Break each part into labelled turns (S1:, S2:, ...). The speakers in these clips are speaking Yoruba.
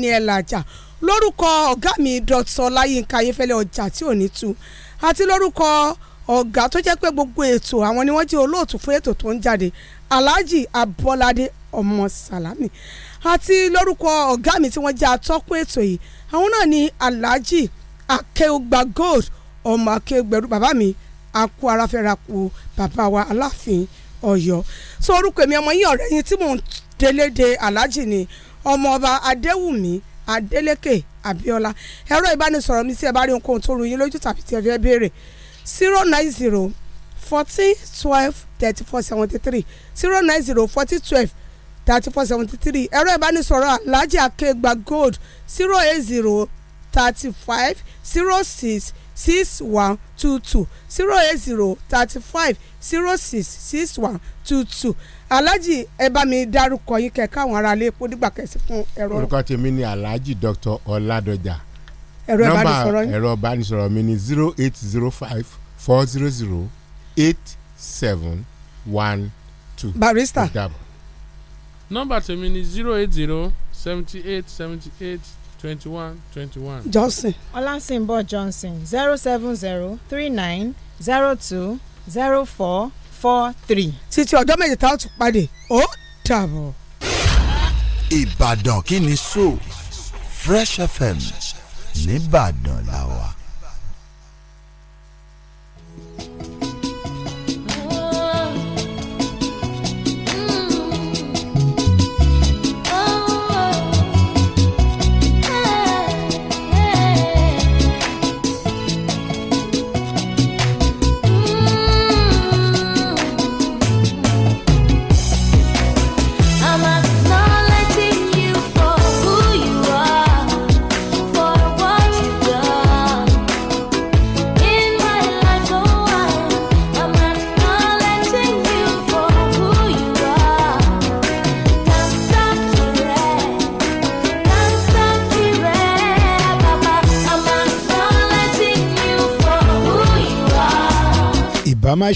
S1: Ni ẹ̀ làjà lórúkọ ọ̀gá mi dr láyínká ayéfẹ́lẹ́ ọjà tí ò ní tu àti lórúkọ ọ̀gá tó jẹ́ pé gbogbo ètò àwọn ni wọ́n jẹ́ olóòtú fún ètò tó ń jáde alhaji abọ́ládé ọmọ sàlámì àti lórúkọ ọ̀gá mi tí wọ́n jẹ́ atọ́kùn ètò yìí àwọn náà ni alhaji akeugba gold ọmọ akeugbẹ̀rú bàbá mi akú aráfẹ́rakù bàbá wa aláàfin ọ̀yọ́ so orúkọ èmi ọmọ yín ọ̀rẹ́ yín tí mò ń délédé alhaji ni ọmọọba adéwùmí adélékè abíọ́lá ẹ̀rọ ìbánisọ̀rọ̀ mi sí ẹ bá rí ohunkóhun tó rú yín lójú tàbí tí ẹ fẹ́ béèrè zero nine zero forty twelve thirty four seventy three zero nine zero forty twelve thirty four seventy three ẹ̀rọ ìbánisọ̀rọ̀ alhaji akegba gold zero eight zero thirty five zero six six one two two zero eight zero thirty five zero six six one two two alhaji ẹ bá mi dárúkọ yín kẹ káwọn ará ilé epo nígbà kẹsì fún ẹ̀rọ. orúkọ
S2: tèmi ni alhaji dr ọládọjà nọ́mbà ẹ̀rọ ìbánisọ̀rọ̀ mi ni zero eight zero five four zero zero eight seven one two. barista
S3: nọ́mbà tèmi ni zero eight zero seventy eight seventy eight twenty one twenty one. johnson.
S1: ọlásìnbọ̀ johnson zero seven zero three nine zero two zero four four three. títí ọjọ́ méje tá a tún pàdé ó dàbọ̀.
S2: Ìbàdàn kí ni so Fresh FM nìbàdàn làwà.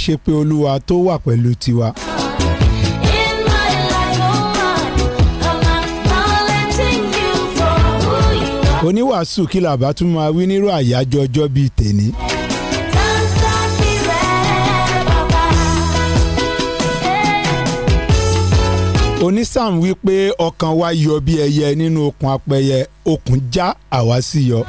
S4: ṣe pé olúwa tó wà pẹ̀lú tiwa. Oh oníwàásù kí la bá tún máa wí nírú àyájọ́ ọjọ́ bíi tèní. onísàm wí ọkàn wa yọ bí ẹyẹ nínú okùn apẹyẹ okùn já àwa sì yọ.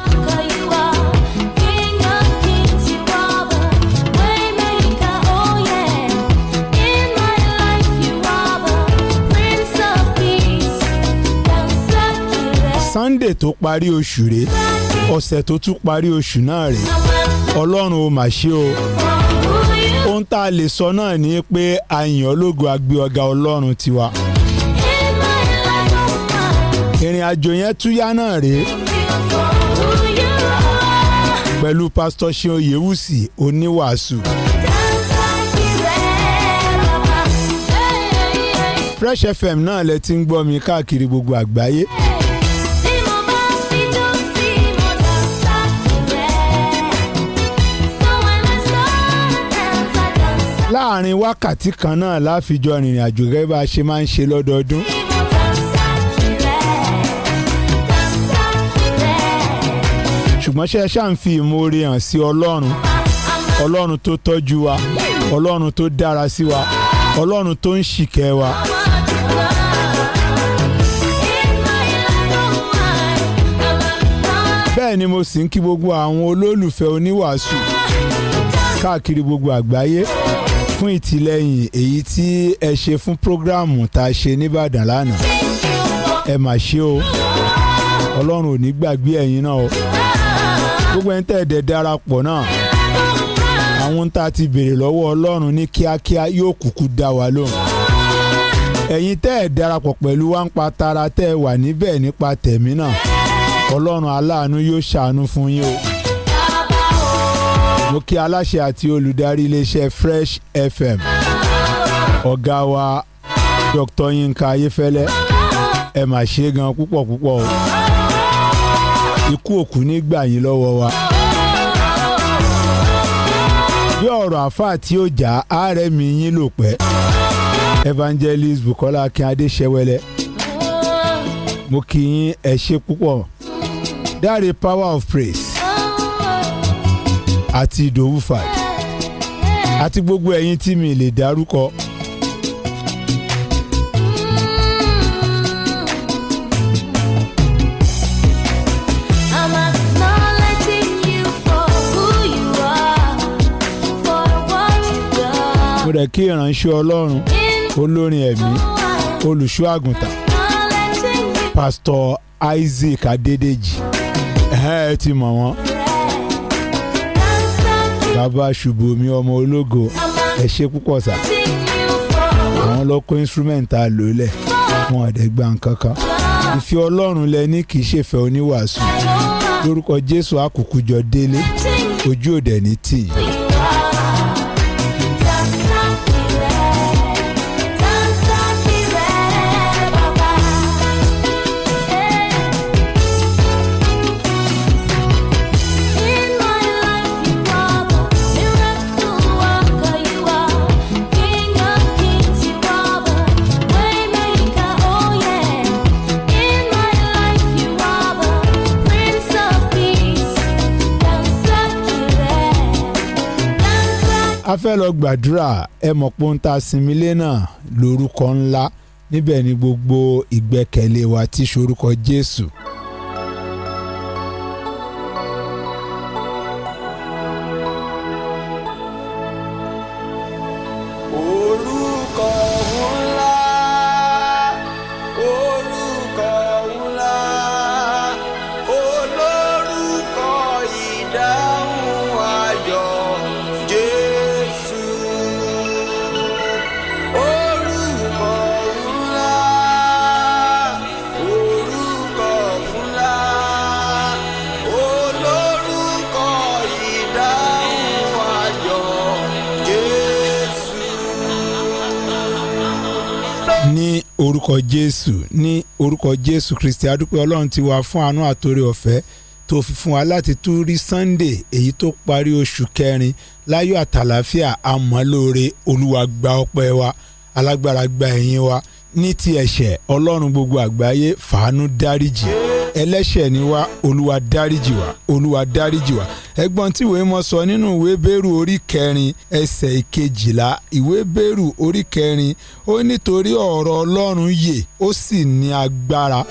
S4: Sunday tó parí oṣù rèé ọ̀sẹ̀ tó tún parí oṣù náà rèé ọlọ́run ó mà ṣe o ohun tá a lè sọ náà ni pé àyàn ológo agbe ọ̀gá ọlọ́run tiwa ìrìn àjò yẹn túyá náà rèé pẹ̀lú pásítọ̀ ṣe oyèwùsì oníwàásù. Fresh FM náà lẹ ti ń gbọ́ mi káàkiri gbogbo àgbáyé. Yeah. láàrin wákàtí kan náà láfijọ́ rìnrìn àjò gẹ́gẹ́ bá a ṣe máa ń ṣe lọ́dọọdún. ṣùgbọ́n ṣe ṣáà ń fi ìmoore hàn sí ọlọ́run ọlọ́run tó tọ́jú wa ọlọ́run tó dára sí wa ọlọ́run tó ń ṣìkẹ́ wa. bẹ́ẹ̀ ni mo sì ń kí gbogbo àwọn olólùfẹ́ oníwàásù káàkiri gbogbo àgbáyé fún ìtìlẹ́yìn èyí tí ẹ ṣe fún prógráàmù tá a ṣe nìbàdàn lánàá ẹ mà ṣe o ọlọ́run ò ní gbàgbé ẹ̀yin náà o gbogbo ẹni tẹ́ ẹ̀ dẹ̀ darapọ̀ náà àwọn tá a ti béèrè lọ́wọ́ ọlọ́run ní kíákíá yóò kúkú dá wa lóhùn ẹ̀yin tẹ́ darapọ̀ pẹ̀lú wa ń pa tara tẹ́ wà níbẹ̀ nípa tẹ̀mí náà ọlọ́run aláàánú yóò ṣàánú fún yín o mo kí aláṣẹ àti olùdarí iléeṣẹ́ Fresh FM ọ̀gá wa Dr. Yinka Ayéfẹ́lẹ́ ẹ mà ṣe gan púpọ̀ púpọ̀ o ikú òkú nígbà yín lọ́wọ́ wa bí ọ̀rọ̀ àfáà tí ó jà ààrẹ mi yín lò pẹ́ Evangelist Bukola Akínadé ṣẹwẹlẹ mo kí yín ẹ ṣe púpọ̀ dáre power of praise àti ìdòwú fàd àti gbogbo ẹ̀yin tí mi lè dárúkọ. mo rẹ̀ kí ìránṣẹ́ ọlọ́run olórin ẹ̀mí olùṣọ́ àgùntàn pásítọ̀ Isaac Adédèjì ẹ̀ ẹ́ ti mọ̀ wọ́n bàbá ṣùbọ́mi ọmọ ológo ẹ ṣe púpọ̀ sá àwọn lọ kó instrument tá a lò lẹ̀ wọn àdẹ gba nǹkan kan ìfẹ́ ọlọ́run lẹ kì í ṣèfẹ́ oníwàásù lórúkọ jésù àkùkù jọ délé ojú òdẹ ní tì a fẹ́ lọ gbàdúrà ẹ mọ̀ pé ń ta sinmi lé náà lórúkọ ńlá níbẹ̀ ni gbogbo ìgbẹ́kẹ̀lé wa ti ṣorúkọ Jésù. orúkọ jésù ní orúkọ jésù kristi adúpẹ́ ọlọ́run ti wá fún àánú àtòrí ọ̀fẹ́ tó fi fún wa láti tún rí sunday èyí tó parí oṣù kẹrin láyọ̀ àtàlàfíà àmọ́lóore olúwa gba ọpẹ́ wa alágbára gba ẹ̀yìn wa ní ti ẹ̀ṣẹ̀ ọlọ́run gbogbo àgbáyé fàánú dáríjì ẹlẹ́ṣẹ̀ ni wá olúwa dáríjì wá olúwa dáríjì wá ẹgbọ́n tí ìwé mọ́ sọ nínú ìwé bẹ́rù orí kẹrin ẹsẹ̀ ìkejìlá ìwé bẹ́rù orí kẹrin ó nítorí ọ̀rọ̀ ọlọ́run yè ó sì ní agbára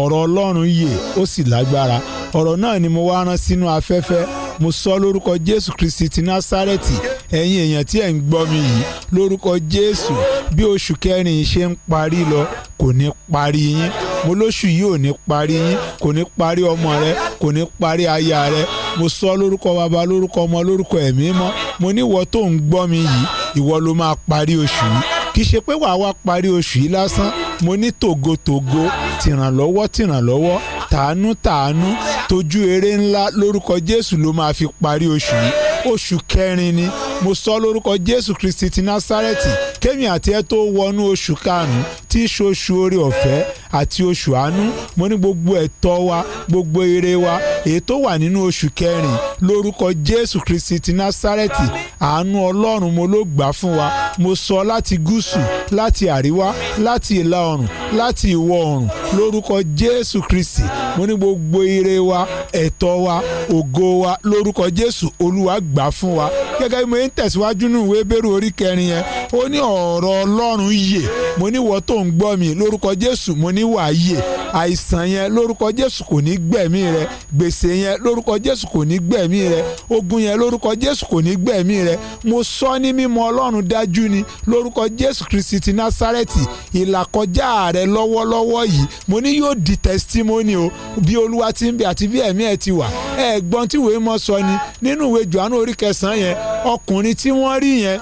S4: ọ̀rọ̀ ọlọ́run yè ó sì lágbára ọ̀rọ̀ náà ni mo wá rán sínú afẹ́fẹ́ mo sọ lórúkọ jésù kristi ti násárẹ́tì ẹ̀yin èèyàn tí ẹ̀ ń gbọ́ mi yìí lórúkọ Jésù bí oṣù kẹrin ṣe ń parí lọ kò ní parí yín mo lóṣù yìí ò ní parí yín kò ní parí ọmọ rẹ kò ní parí aya rẹ mo sọ lórúkọ baba lórúkọ ọmọ lórúkọ ẹ̀mí mọ́ mo ní ìwọ tó ń gbọ́ mi yìí ìwọ ló máa parí oṣù yìí kì í ṣe pé wàá wá parí oṣù yìí lásán mo ní tògótògó tìrànlọ́wọ́ tìrànlọ́wọ́ tàánú tàánú tójú eré ńlá lórúkọ Jésù ló máa fi parí oṣù yìí oṣù kẹrin ni mo sọ lórúkọ Jésù Kristi ti Násárẹ́tì kémi àti ẹ tó wọnú oṣù karùn-ún tí í ṣe oṣù oore ọ̀fẹ́ àti oṣù àánú mo ní gbogbo ẹ̀tọ́ wa gbogbo ire wa èyí tó wà nínú oṣù kẹrin lórúkọ Jésù Kristi ti Násárẹ́tì àánú Ọlọ́run mo ló gbà fún wa mo sọ láti gúúsù láti àríwá láti ìlà oòrùn láti ìwọ̀ oòrùn lórúkọ Jésù Kristi mo ní gbogbo ire wa ẹ̀tọ́ wa ògo wa lórúkọ Jésù Olúwa gbà fún wa gẹ́gẹ́ bí mo ń tẹ̀síwájú nínú ìwé bẹ́rù orí kẹrin yẹn ó ní ọ̀ ọ̀rọ̀ ọlọ́run yè mo ní wọ́n tó ń gbọ́ mi lórúkọ jésù mo ní wàá yè àìsàn yẹn lórúkọ jésù kò ní gbẹ̀mí rẹ gbèsè yẹn lórúkọ jésù kò ní gbẹ̀mí rẹ ogun yẹn lórúkọ jésù kò ní gbẹ̀mí rẹ mo sọ ní mímọ́ ọlọ́run dájú ni lórúkọ jésù kristi ti násárẹ́tì ìlàkọjá rẹ lọ́wọ́lọ́wọ́ yìí mo ní yóò di testimony o bí olúwa ti ń bẹ àti bí ẹ̀mí ẹ̀ ti wà ẹ̀ gbọ́n tí ìwé mọ́ sọ ni nínú ìwé jòhánù orí kẹsàn-án yẹn ọkùnrin tí wọ́n rí yẹn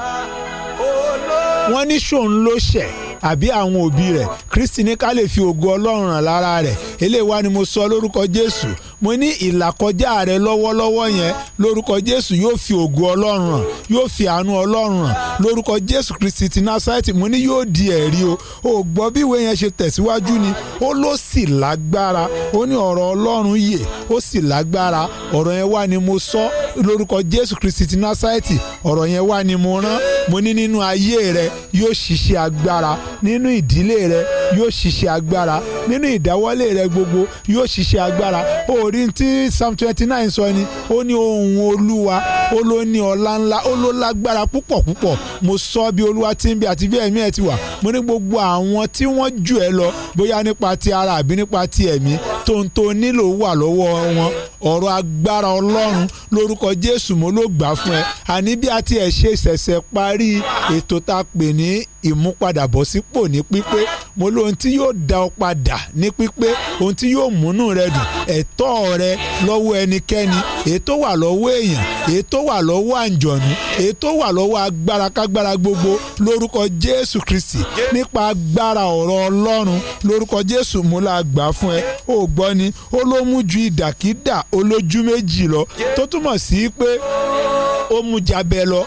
S4: wọ́n ní ṣòun ló ṣẹ̀ àbí àwọn òbí rẹ̀ Kristi ní ká lè fi ògo Ọlọ́run hàn lára rẹ̀ eléyìí wá ni mo sọ lórúkọ Jésù mo ní ìlàkọjá rẹ lọ́wọ́lọ́wọ́ yẹn lórúkọ Jésù yóò fi ògo Ọlọ́run hàn yóò fi àánú Ọlọ́run hàn lórúkọ Jésù Kristi ti Násárẹ́tì mo ní yóò di ẹ̀rí o ò gbọ́ bí ìwé yẹn ṣe tẹ̀síwájú ni ó ló sì lágbára ó ní ọ̀rọ̀ Ọlọ́run yè ó sì lágbára ọ̀rọ̀ yẹn wá ni mo sọ lórúkọ Jésù Kristi ti Násárẹ́tì ọ̀rọ̀ yẹn wá ni mo rán mo ní nínú ayé rẹ yóò ṣiṣẹ́ agbára nínú ìdílé rẹ yóò ṣiṣẹ́ agbára nínú ìdáwọ́lé rẹ gbogbo yóò ṣiṣẹ́ agbára orí tí psalm twenty nine sọ ni ó ní ohùn olúwa ó ló ní ọlá ńlá ó ló lágbára púpọ̀ púpọ̀ mo sọ bí olúwa ti ń bí àti bí ẹ̀mí ẹ̀ ti wà mo ní gbogbo àwọn tí wọ́n jù ẹ lọ bóyá nípa ti ara àbí nípa ti ẹ̀mí tóńtó nílò wà lọ́wọ́ wọn ọ̀rọ̀ agbára ọlọ́run lórúkọ jésù mo ló gbà fún ẹ àní bí a ti ẹ̀ ṣe ṣẹ̀ṣẹ̀ parí ètò tá pè ní ìmúpadàbọ̀sípò ní pípé mo lóhun tí yóò dá ọ padà ní pípé ohun tí yóò múnú rẹ dùn ẹ̀tọ́ rẹ lọ́wọ́ ẹnikẹ́ni èyí tó wà lọ́wọ́ èèyàn èyí tó wà lọ́wọ́ àǹjọ̀nú èyí tó wà lọ́wọ́ agbára kágbára gbogbo lórúkọ Jésù Kristi nípa agbára ọ̀rọ̀ Ọlọ́run lórúkọ Jésù mú la gbà fún ẹ ò gbọ́ ni ó ló mú ju ìdàkídà olójú méjì lọ tó túmọ̀ sí pé ó mú jabẹ lọ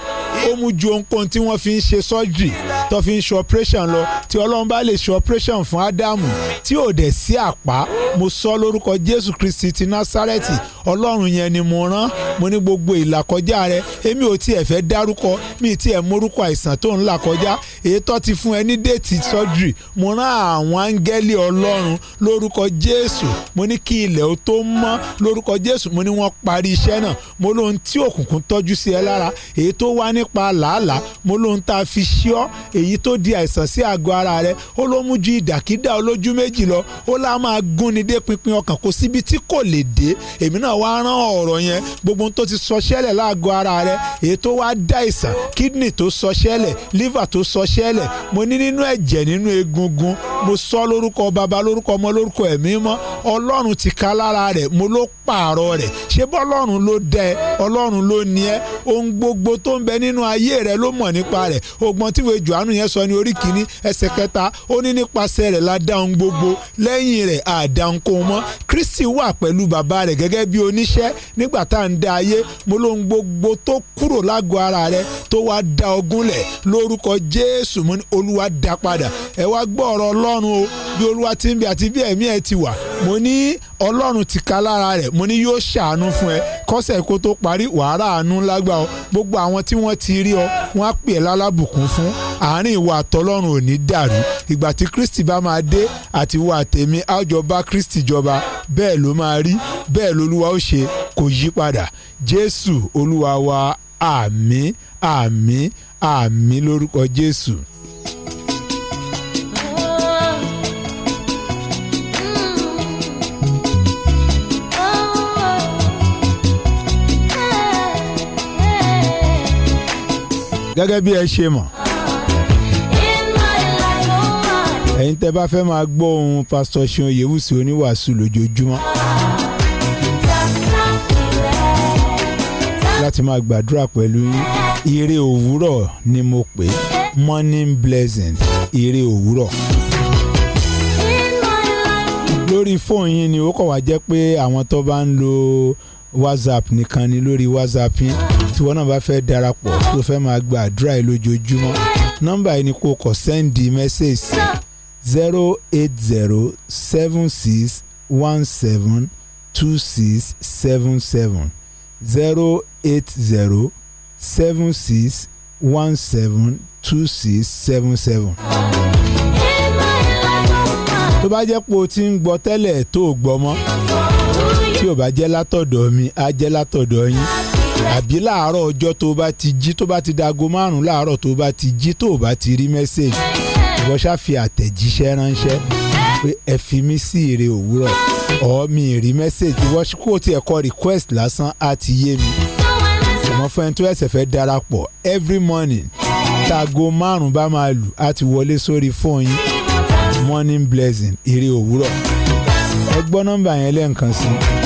S4: ó mú ju ohunkóhun tí wọ́n fi ń ṣe sọ́jì tó fi ń ṣe operation lọ tí ọlọ́run bá lè ṣe operation fún ádámù tí ò dẹ̀ sí àpá mo sọ lórúkọ jésù kristi ti násárẹ́tì ọlọ́run yẹn ni mo rán mo ní gbogbo ìlàkọjá rẹ èmi ò tiẹ̀ fẹ́ dárúkọ mi tiẹ̀ mórúkọ àìsàn tó ń là kọjá èyí tó ti fún ẹ ní déètì surgery mo rán àwọn áńgẹ́lì ọlọ́run lórúkọ jésù mo ní kí ilẹ̀ ó tó mọ́ lórúkọ jésù mo ní wọ́n parí iṣẹ́ náà mo lóhun tí òkùnkùn tọ́jú sí ẹ lára èyí tó wá nípa làálàá mo lóhun tá a fi ṣíọ́ èyí tó di àìsàn sí àgọ́ ara rẹ ó ló mú ju ìdàkídà olójú méjì lọ ó lá máa gúnni dé pinpin ọkàn kò síbi tí kò lè dé èmi náà wá rán ọ̀rọ̀ yẹn gbogbo tó ti sọ ṣẹlẹ̀ láàgọ́ ara rẹ èyí tó wá dá àìsàn kidney tó sọ ṣẹlẹ̀ liver tó sọ ṣẹlẹ̀ mo ní nínú ẹ̀jẹ̀ nínú egungun mo sọ lórúkọ baba lórúkọ ọmọ lórúkọ ẹ̀mí mọ́ ọlọ́run ti ka lára rẹ̀ mo ló pààrọ̀ rẹ̀ ṣé bọ́lọ́run ló dẹ ọlọ́run ló ní ẹ ohun gbogbo tó ń bẹ nínú ayé rẹ ló mọ̀ nípa rẹ̀ ọgbọ́n tíwèé johannu Jòhánù yẹn sọ ní orí kìíní ẹsẹ̀ kẹta ó ní nípasẹ̀ rẹ̀ la dá ohun gbogbo lẹ́yìn rẹ̀ àdá ohun kò mọ́ Kristi wà pẹ̀lú bàbá rẹ̀ gẹ́gẹ́ bí oníṣẹ́ nígbà tá à ń dá ayé mo lóhun gbogbo tó kúrò lágọ̀ ara rẹ̀ tó wá da ogúnlẹ̀ lórúkọ Jésù mo ní Olúwa dá padà ẹ wá gbọ́ ọ̀rọ̀ Ọlọ́run o bí Olúwa ti ń bẹ àti bí ẹ̀mí ẹ ti wà mo ní ọlọ́run ti ka lára rẹ̀ mo ní yóò ṣàánú fún ẹ kọ́sẹ̀ kó tó parí wàhálà àánú lágbà ọ gbogbo àwọn tí wọ́n ti rí ọ wọ́n á pè lálábùkún fún àárín ìwà àtọlọ́run ò ní dàrú ìgbà tí kristi bá máa dé àti ìwà àtẹ̀mí àjọba kristi jọba bẹ́ẹ̀ ló máa rí bẹ́ẹ̀ lolúwa ó ṣe kò yí padà jésù olúwa wa àmín àmín àmín lórúkọ jésù. gẹ́gẹ́ bí ẹ ṣe mọ̀ oh ẹ̀yin tẹ́ bá fẹ́ máa gbọ́ ohun pásítọ̀ Ṣeun Oyèwùsì oníwàásù lójoojúmọ́ láti máa gbàdúrà pẹ̀lú ire òwúrọ̀ ni mo pè morning blessing ire òwúrọ̀ lórí fóònù yín ni ó kọ̀ wá jẹ́ pé àwọn tó bá ń lo WhatsApp nìkan ni lórí WhatsApp yín tí wọn náà bá fẹ́ darapọ̀ tó fẹ́ máa gba àdúrà yìí lójoojúmọ́ nọ́mbà yìí ni kò kọ̀ sẹ́ndì mẹ́sẹ̀sì zero eight zero seven six one seven two six seven seven zero eight zero seven six one seven two six seven seven tó bá jẹ́ pé o ti ń gbọ́ tẹ́lẹ̀ tó o gbọ́ mọ́ tí o bá jẹ́ látọ̀dọ̀ mi á jẹ́ látọ̀dọ̀ yín àbí láàárọ̀ ọjọ́ tó bá ti jí tó bá ti dago márùn-ún láàárọ̀ tó bá ti jí tó bá ti rí mẹ́sẹ̀gì ìwọ ṣáà fi àtẹ̀jíṣẹ́ ránṣẹ́ pé ẹ fi mí sí ire òwúrọ̀ ọ̀ mi rí mẹ́sẹ̀gì ìwọ kó tiẹ̀ kọ request lásán á ti yé mi ọmọ fẹ́ni tó ẹ̀sẹ̀ fẹ́ darapọ̀ every morning tago márùn-ún bá máa lù á ti wọlé sórí fóònù morning blessing ire òwúrọ̀ ẹ gbọ́ nọ́mbà yẹn lẹ́ǹkan sí i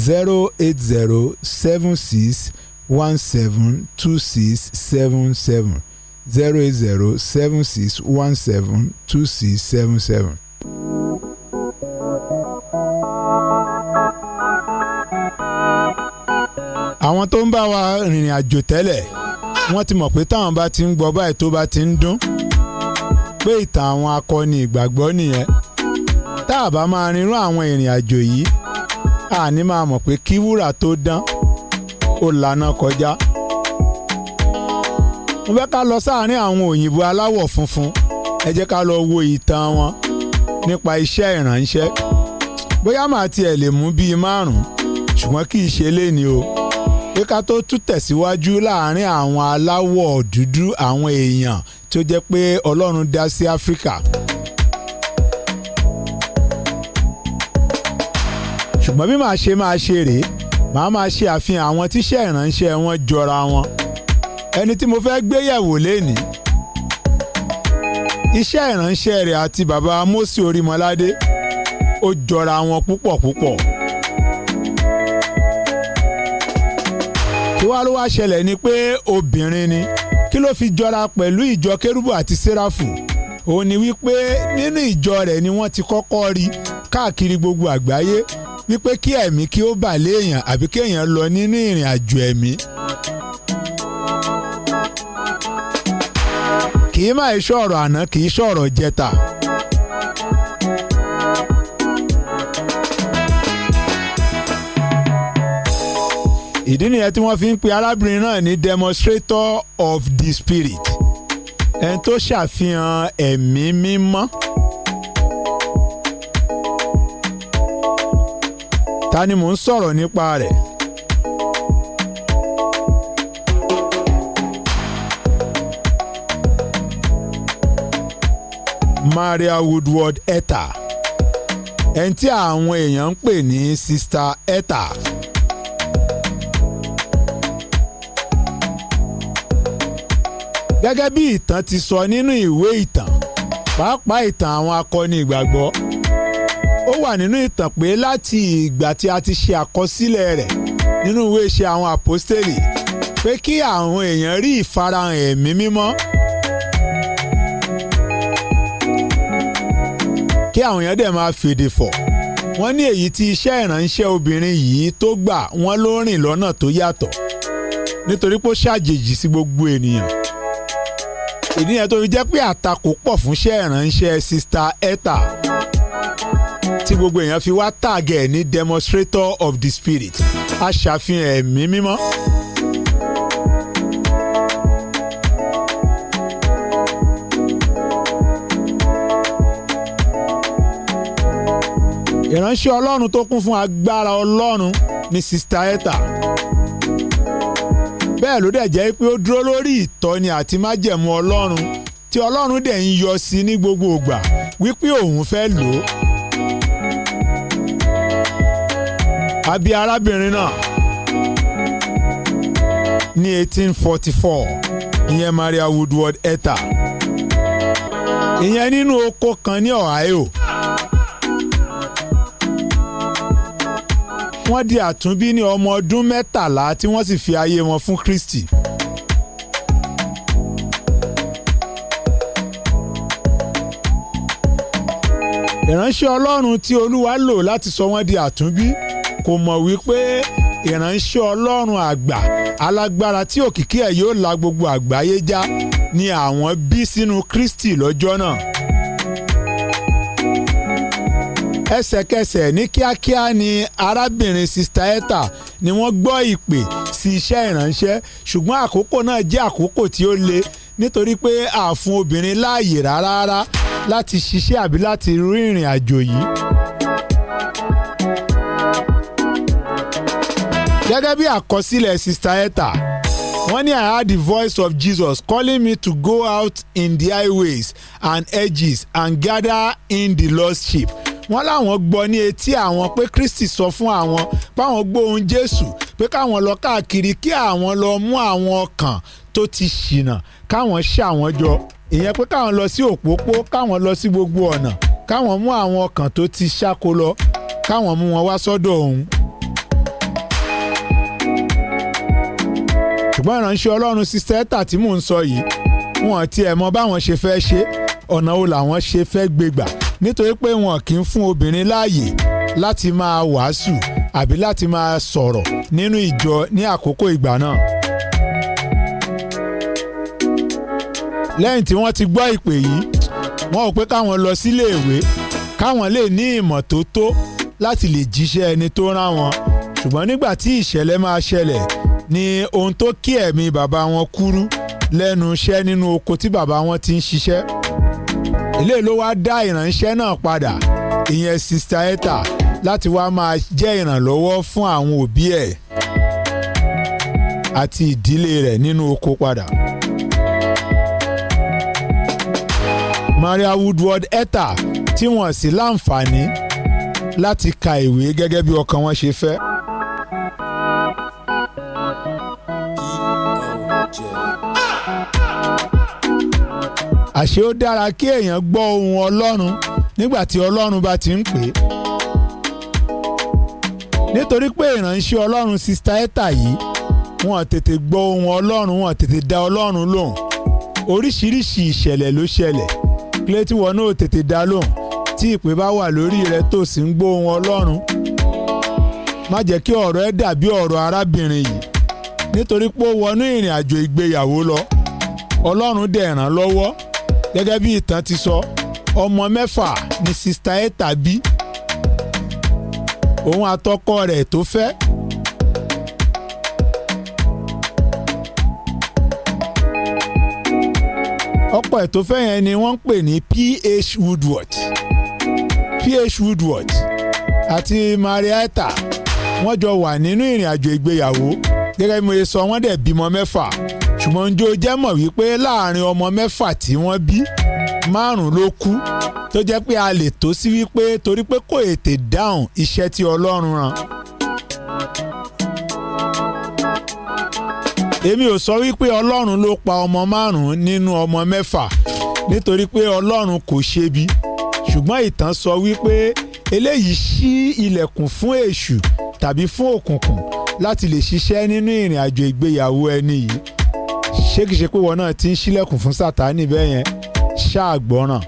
S4: zero eight zero seven six one seven two six seven seven zero eight zero seven six one seven two six seven seven. àwọn tó ń bá wa rìnrìn àjò tẹ́lẹ̀ wọ́n ti mọ̀ pé táwọn bá ti ń gbọ́ báyìí tó bá ti ń dún pé ìtàn àwọn akọni ìgbàgbọ́ nìyẹn tá a bá máa rìnrún àwọn ìrìn àjò yìí àní máa mọ̀ pé kí wúrà tó dán ó lànà kọjá mo fẹ́ ká lọ sáàárín àwọn òyìnbó aláwọ̀ funfun ẹ jẹ́ ká lọ wo ìtàn wọn nípa iṣẹ́ ìránṣẹ́ bóyá màá tiẹ̀ lè mú bíi márùn-ún ṣùgbọ́n kì í ṣe léni o pé ká tó tún tẹ̀síwájú láàárín àwọn aláwọ̀ dúdú àwọn èèyàn tó jẹ́ pé Ọlọ́run dá sí Áfíríkà. ṣùgbọ́n bí màá ṣe máa ṣe rèé màá máa ṣe àfihàn àwọn tíṣẹ́ ìránṣẹ́ wọn jọra wọn ẹni tí mo fẹ́ gbé yẹ̀wò lénìí iṣẹ́ ìránṣẹ́ rẹ̀ àti bàbá Mósè Orímọládé ó jọra wọn púpọ̀ púpọ̀. tí wàá ló wá ṣẹlẹ̀ ni pé obìnrin ni kí ló fi jọra pẹ̀lú ìjọ kérúbù àti séráfù òun ni wípé nínú ìjọ rẹ̀ ni wọ́n ti kọ́kọ́ rí káàkiri gbogbo àgbáyé wípé kí ẹ̀mí kí ó bà léèyàn àbí kéèyàn lọ nínú ìrìn àjò ẹ̀mí. kì í máa ṣọ̀rọ̀ àná kì í ṣọ̀rọ̀ jẹta. ìdí nìyẹn tí wọ́n fi ń pe arábìnrin náà ní demonstrator of the spirit ẹni tó ṣàfihàn ẹ̀mí mímọ́. ta ni mo ń sọ̀rọ̀ nípa rẹ̀. Maria Woodward Etta ẹni tí àwọn èèyàn ń pè ní Sista Etta. gẹ́gẹ́ bí ìtàn ti sọ nínú ìwé ìtàn pàápàá ìtàn àwọn akọni ìgbàgbọ́. ó wà nínú ìtàn pé láti ìgbà tí a ti ṣe àkọsílẹ̀ rẹ̀ nínú ìwé iṣẹ́ àwọn àpọ́stélì pé kí àwọn èèyàn rí ìfarahàn ẹ̀mí mímọ́ kí àwọn èèyàn dẹ̀ máa fèdè fọ̀ wọ́n ní èyí tí iṣẹ́ ìránṣẹ́ obìnrin yìí tó gbà wọ́n ló rìn lọ́nà tó yàtọ̀ nítorí pé ó ṣàjèjì sí gbogbo ènìyàn ènìyàn tó fi jẹ́ pé àtakò pọ̀ fúnṣẹ́ ìránṣẹ́ sista Etta tí gbogbo èèyàn fi wá tààgẹ̀ ní demonstrator of the spirit a ṣàfihàn ẹ̀mí mímọ́. ìránṣẹ́ ọlọ́run tó kún fún agbára ọlọ́run ni sista Etta bẹ́ẹ̀ ló dẹ̀ jẹ́ pé ó dúró lórí ìtọ́ni àti májẹ̀mú ọlọ́run tí ọlọ́run dẹ̀ ń yọ sí ní gbogbo ìgbà wípé òun fẹ́ lò ó. àbí arábìnrin náà ní eighteen forty four ìyẹn Maria Woodward Etta ìyẹn nínú oko kan ní Ohio wọ́n di àtúnbí ní ọmọ ọdún mẹ́tàlá tí wọ́n sì fi ayé wọn fún Kristi. ìránṣẹ́ Ọlọ́run tí Olúwa lò láti sọ wọ́n di àtúnbí kò mọ̀ wípé ìránṣẹ́ ọlọ́run àgbà alágbára tí òkìkí ẹ̀ yóò la gbogbo àgbáyé já ni àwọn bí sínú Kristi lọ́jọ́ náà. ẹsẹ̀kẹsẹ̀ ní kíákíá ni arábìnrin sista Etta ni wọ́n gbọ́ ìpè sí iṣẹ́ ìránṣẹ́ ṣùgbọ́n àkókò náà jẹ́ àkókò tí ó le nítorí pé àfún obìnrin láàyè rárá láti ṣiṣẹ́ àbí láti rí ìrìn àjò yìí. gẹ́gẹ́ bí àkọsílẹ̀ sista Etta wọ́n ní I heard the voice of Jesus calling me to go out in the highways and edges and gather in the lost sheep wọ́n láwọn gbọ́ ní etí àwọn pé Kristi sọ fún àwọn páwọn gbóhùn Jésù pé káwọn lọ káàkiri kí àwọn lọ mú àwọn ọkàn tó ti ṣìnà káwọn ṣàwọn jọ ìyẹn pé káwọn lọ sí òpópó káwọn lọ sí gbogbo ọ̀nà káwọn mú àwọn ọkàn tó ti ṣáko káwọn mú wọn wá sọ́dọ̀ òun ṣùgbọ́n ìránṣẹ́ ọlọ́run sísẹ́ ẹ̀ta tí mò ń sọ yìí wọn tiẹ̀ mọ báwọn ṣe fẹ́ ṣe ọ̀nà wo làwọn ṣe fẹ́ gbégbà nítorí pé wọn kì í fún obìnrin láàyè láti máa wàásù àbí láti máa sọ̀rọ̀ nínú ìjọ ní àkókò ìgbà náà. lẹ́yìn tí wọ́n ti gbọ́ ìpè yìí wọ́n ò pé káwọn lọ síléèwé káwọn lè ní ìmọ̀ tó tó láti lè jíṣẹ́ ẹni tó rán wọn ṣùgbọ́n nígbà tí ìṣẹ̀lẹ̀ máa ṣẹlẹ̀ ni ohun tó kí ẹ̀mí bàbá wọn kúrú lẹ́nu iṣẹ́ nínú oko tí bàbá wọn ti ń ṣiṣẹ́ ilé ló wá dá ìrànṣẹ́ náà padà ìyẹn sista Etta láti wá máa jẹ́ ìrànlọ́wọ́ fún àwọn òbí ẹ̀ àti ìdílé rẹ̀ nínú oko padà. Maria Woodward Etta tí wọ́n sì láǹfààní láti ka ìwé gẹ́gẹ́ bí ọkàn wọn ṣe fẹ́. àṣé ó dára kí èèyàn gbọ́ ohùn ọlọ́run nígbà tí ọlọ́run bá ti ń pè é nítorí pé ìránṣẹ́ ọlọ́run sista ẹ́tà yìí wọ́n tètè gbọ́ ohùn ọlọ́run wọ́n tètè dá ọlọ́run lóhùn oríṣiríṣi ìṣẹ̀lẹ̀ ló ṣẹlẹ̀ kílé tí wọn náà tètè dá lóhùn tí ìpè bá wà lórí rẹ tó sì ń gbọ́ ohùn ọlọ́run má jẹ́ kí ọ̀rọ̀ ẹ dàbí ọ̀rọ̀ arábìnrin yìí nítorí pé ó wọnú ìrìn àjò ìgbéyàwó lọ ọlọ́run dẹ̀ ràn lọ́wọ́ gẹ́gẹ́ bí ìtàn ti sọ ọmọ mẹ́fà ni sista Etta bí òun àtọkọ rẹ̀ tó fẹ́. ọ̀pọ̀ ẹ̀ tó fẹ́ yẹn ni wọ́n ń pè ní P.H. Woodward P.H. Woodward àti Marietta wọ́n jọ wà nínú ìrìn àjò ìgbéyàwó gẹ́gẹ́ bí mo ṣe sọ wọ́n dẹ̀ bímọ mẹ́fà ṣùgbọ́n njó jẹ́ mọ̀ wípé láàrin ọmọ mẹ́fà tí wọ́n bí márùn-ún ló kú tó jẹ́ pé a lè tó sí wípé torí pé kò ètè dáhùn iṣẹ́ tí Ọlọ́run rán. èmi ò sọ wípé Ọlọ́run ló pa ọmọ márùn-ún nínú ọmọ mẹ́fà nítorí pé Ọlọ́run kò ṣebi ṣùgbọ́n ìtàn sọ wípé eléyìí ṣí ilẹ̀kùn fún èṣù tàbí fún òkùnkùn láti lè ṣiṣẹ́ nínú ìrìn àjò ìgbéyàwó ẹni yìí ṣé kìí ṣe pé wọn náà ti ń ṣílẹ̀kùn fún sátánì bẹ́ẹ̀ yẹn ṣáà gbọ́ràn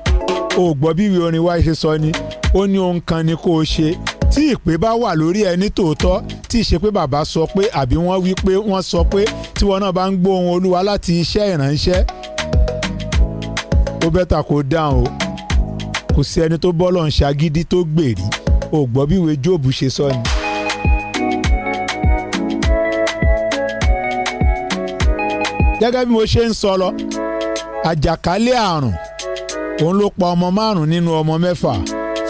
S4: o gbọ́ bí ìwé orin wa ṣe sọ ni ó ní ohun kan ni kó o ṣe tí ìpè bá wà lórí ẹ ní tòótọ́ tí ìṣe pé bàbá sọ pé àbí wọ́n wí pé wọ́n sọ pé tí wọn náà bá ń gbọ́ olúwa láti iṣẹ́ ìránṣẹ́ ó bẹ́tà kó dáhùn o kò sí ẹni tó bọ́ lọ́n ṣagídí tó gbèrí ò gbọ́ bí ìwé Jóòbù ṣe sọ ni. gẹ́gẹ́ bí mo ṣe ń sọ lọ àjàkálẹ̀ àrùn òun ló pa ọmọ márùn nínú ọmọ mẹ́fà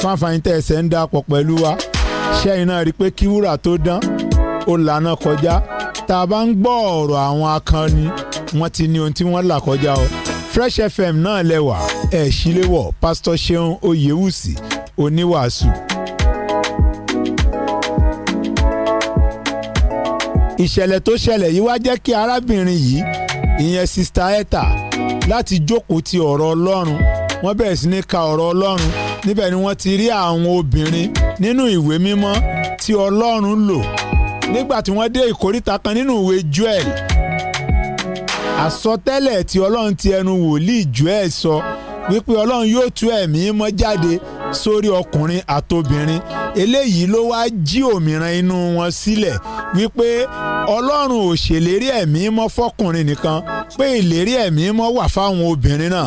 S4: fáfáyín tẹ̀ ẹsẹ̀ ń dàpọ̀ pẹ̀lú wa ṣẹ́yìn náà rí i pé kí wúrà tó dán ó lànà kọjá tá a bá ń gbọ́ ọ̀rọ̀ àwọn akọni wọ́n ti ní ohun tí wọ́n là kọjá o Fresh FM náà lẹ́wà ẹ̀ síléwọ̀ pásítọ̀ Ṣeun oyewusi oníwàásù. ìṣẹ̀lẹ̀ tó ṣẹlẹ̀ yìí wá jẹ́ kí arábìnrin yìí ìyẹn sista etta láti jókòó ti ọ̀rọ̀ ọlọ́run wọ́n bẹ̀rẹ̀ sí ní ka ọ̀rọ̀ ọlọ́run níbẹ̀ ni wọ́n ti rí àwọn obìnrin nínú ìwé mímọ́ tí ọlọ́run lò nígbà tí wọ́n dé ìkóríta kan nínú ìwé Joel àsọtẹ́lẹ̀ tí ọlọ́run ti ẹnu wòlíì Joel sọ wípé ọlọ́run yóò tú ẹ̀mí mọ́ jáde sórí ọkùnrin àtobìnrin eléyìí ló wá jí òmìrán inú wọn sílẹ̀ wípé ọlọ́run ò ṣèlérí ẹ̀mí mọ́ fọkùnrin nìkan pé ìlérí ẹ̀mí mọ́ wà fáwọn obìnrin náà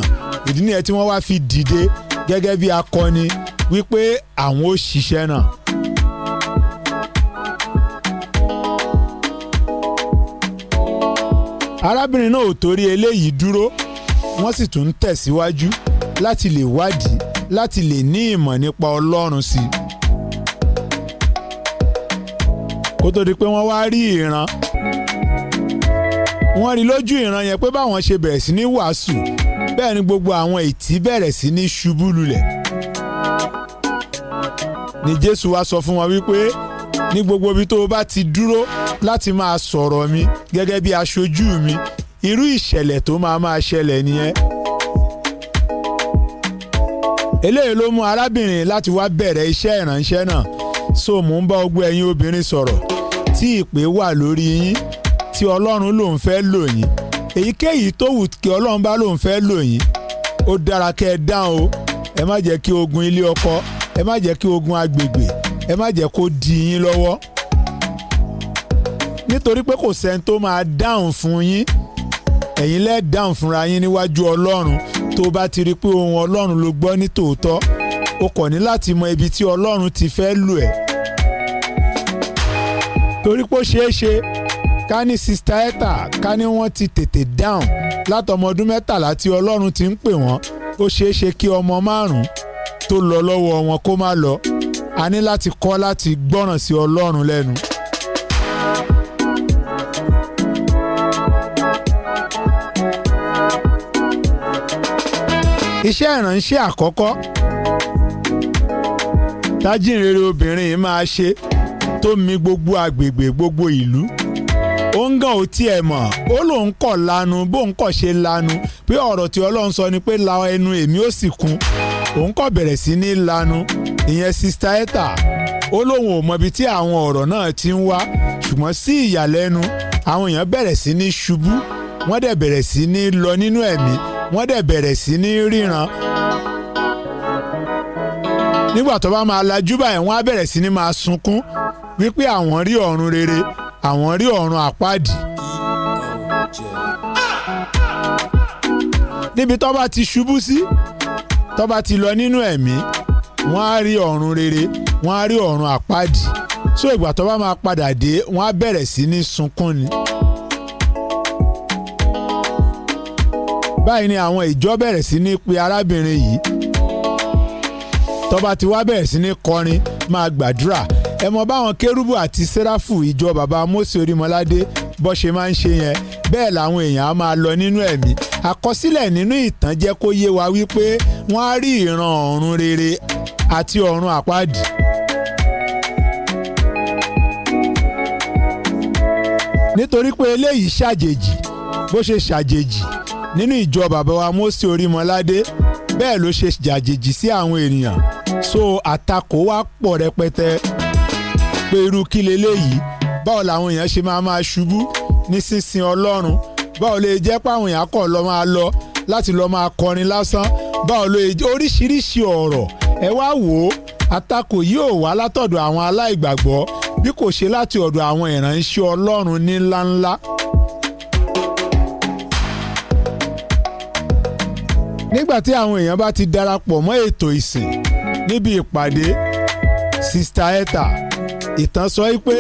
S4: ìdí nìyẹn tí wọ́n wá fi dìde gẹ́gẹ́ bí akọni wípé àwọn ó ṣiṣẹ́ náà. arábìnrin náà ò torí eléyìí dúró wọ́n sì tún ń tẹ̀síwájú láti lè wádìí láti lè ní ìmọ̀ nípa ọlọ́run sí i. kó tó di pé wọ́n wá rí ìran wọ́n rí lójú ìran yẹn pé báwọn ṣe bẹ̀rẹ̀ sí ní wàásù bẹ́ẹ̀ ni gbogbo àwọn ìtì bẹ̀rẹ̀ sí ní ṣubú lulẹ̀ ni Jésù wá sọ fún wọn wípé ní gbogbo ibi tó o bá ti dúró láti máa sọ̀rọ̀ mi gẹ́gẹ́ bí aṣojú mi irú ìṣẹ̀lẹ̀ tó máa máa ṣẹlẹ̀ nìyẹn. eléyìí ló mú arábìnrin láti wá bẹ̀rẹ̀ iṣẹ́ ìránṣẹ́ náà so mò ń bá ogbó ẹ̀yin obìnrin sọ̀rọ̀ tí ìpè wà lórí yín tí ọlọ́run lòun fẹ́ lò yín èyíkéyìí tó wù kí ọlọ́run bá lòun fẹ́ lò yín ó dára kẹ́ ẹ dáhùn o ẹ má jẹ́ kí ogun ilé ọkọ ẹ má jẹ́ kí ogun agbègbè ẹ má jẹ́ kó di yín lọ́wọ́ nítorí pé kò sẹ́ni tó máa dáhùn fún yín ẹ̀yin lẹ́ẹ̀ dáhùn fúnra yín níwájú ọlọ́run tó bá ti rí pé ohun ọlọ́run ló gbọ́ ní tòótọ́ o kò ní láti mọ ibi tí ọlọ́run ti fẹ́ lò ẹ́ torí pé ó ṣeé ṣe ká ní sista ẹ́tà ká ní wọ́n ti tètè dáhùn látọmọ ọdún mẹ́tàlá tí ọlọ́run ti ń pè wọ́n ó ṣeé ṣe kí ọmọ márùn-ún tó lọ lọ́wọ́ wọn kó má lọ a ní láti kọ́ láti gbọ́ràn sí ọlọ́run lẹ́nu. iṣẹ́ ìrànṣẹ́ àkọ́kọ́ tájínrere obìnrin máa ṣe tó mi gbogbo agbègbè gbogbo ìlú ó ń gàn ó tiẹ̀ mọ̀ ó lòun kọ̀ lanu bóun kọ̀ ṣe lanu pé ọ̀rọ̀ tí ọlọ́run sọ ni pé la ẹnu èmi ó sì kun òun kọ̀ bẹ̀rẹ̀ sí ní lanu ìyẹn sista etta ó lóun ò mọbi tí àwọn ọ̀rọ̀ náà ti ń wá ṣùgbọ́n sí ìyàlẹ́nu àwọn èèyàn bẹ̀rẹ̀ sí ní ṣubú wọ́n dẹ̀ bẹ̀rẹ̀ sí ní lọ nínú ẹ̀mí wọ́n dẹ̀ bẹ̀rẹ̀ sí ní ríran nígbà tó bá máa lajú báyìí wọ́n á bẹ̀rẹ̀ sí ni máa sunkún wípé àwọn rí ọ̀run rere àwọn rí ọ̀run àpáàdì. níbi tó bá ti ṣubú sí tó bá ti lọ nínú ẹ̀mí wọ́n á rí ọ̀run rere wọ́n á rí ọ̀run àpáàdì so ìgbà tó bá máa padà dé wọ́n á bẹ̀rẹ̀ sí ní sunkún ni. báyìí ni àwọn ìjọ bẹ̀rẹ̀ sí ní pe arábìnrin yìí tó bá ti wá bẹ̀rẹ̀ sí ní kọrin máa gbàdúrà ẹ mọ báwọn kérúbù àti sẹ́ráfù ìjọ bàbá Mósè Orímọládé bó ṣe máa ń ṣe yẹn bẹ́ẹ̀ làwọn èèyàn á máa lọ nínú ẹ̀mí àkọsílẹ̀ nínú ìtàn jẹ́ kó yé wa wípé wọ́n á rí ìran ọ̀run rere àti ọ̀run àpáàdì. nítorí pé eléyìí ṣàjèjì bó ṣe ṣàjèjì nínú ìjọ bàbá wa Mósè Orímọládé bẹ́ẹ̀ ló ṣe jàjèjì sí àwọn ènìyàn so àtakò wá pọ̀ rẹpẹtẹ pé irú kí leléyìí báwo làwọn èèyàn ṣe máa máa ṣubú ní sísìn ọlọ́run báwo lè jẹ́ páwọn èèyàn kọ̀ lọ́ máa lọ láti lọ́ máa kọrin lásán báwo lè oríṣiríṣi ọ̀rọ̀ ẹ wá wò ó àtakò yìí ò wá látọ̀dọ̀ àwọn aláìgbàgbọ́ bí kò ṣe láti ọ̀dọ̀ àwọn ìránṣẹ́ ọlọ́run ní ńláńlá nígbà tí àwọn èèyàn bá ti darapọ̀ mọ́ ètò ìsìn níbi ìpàdé sista eta ìtàn sọ pé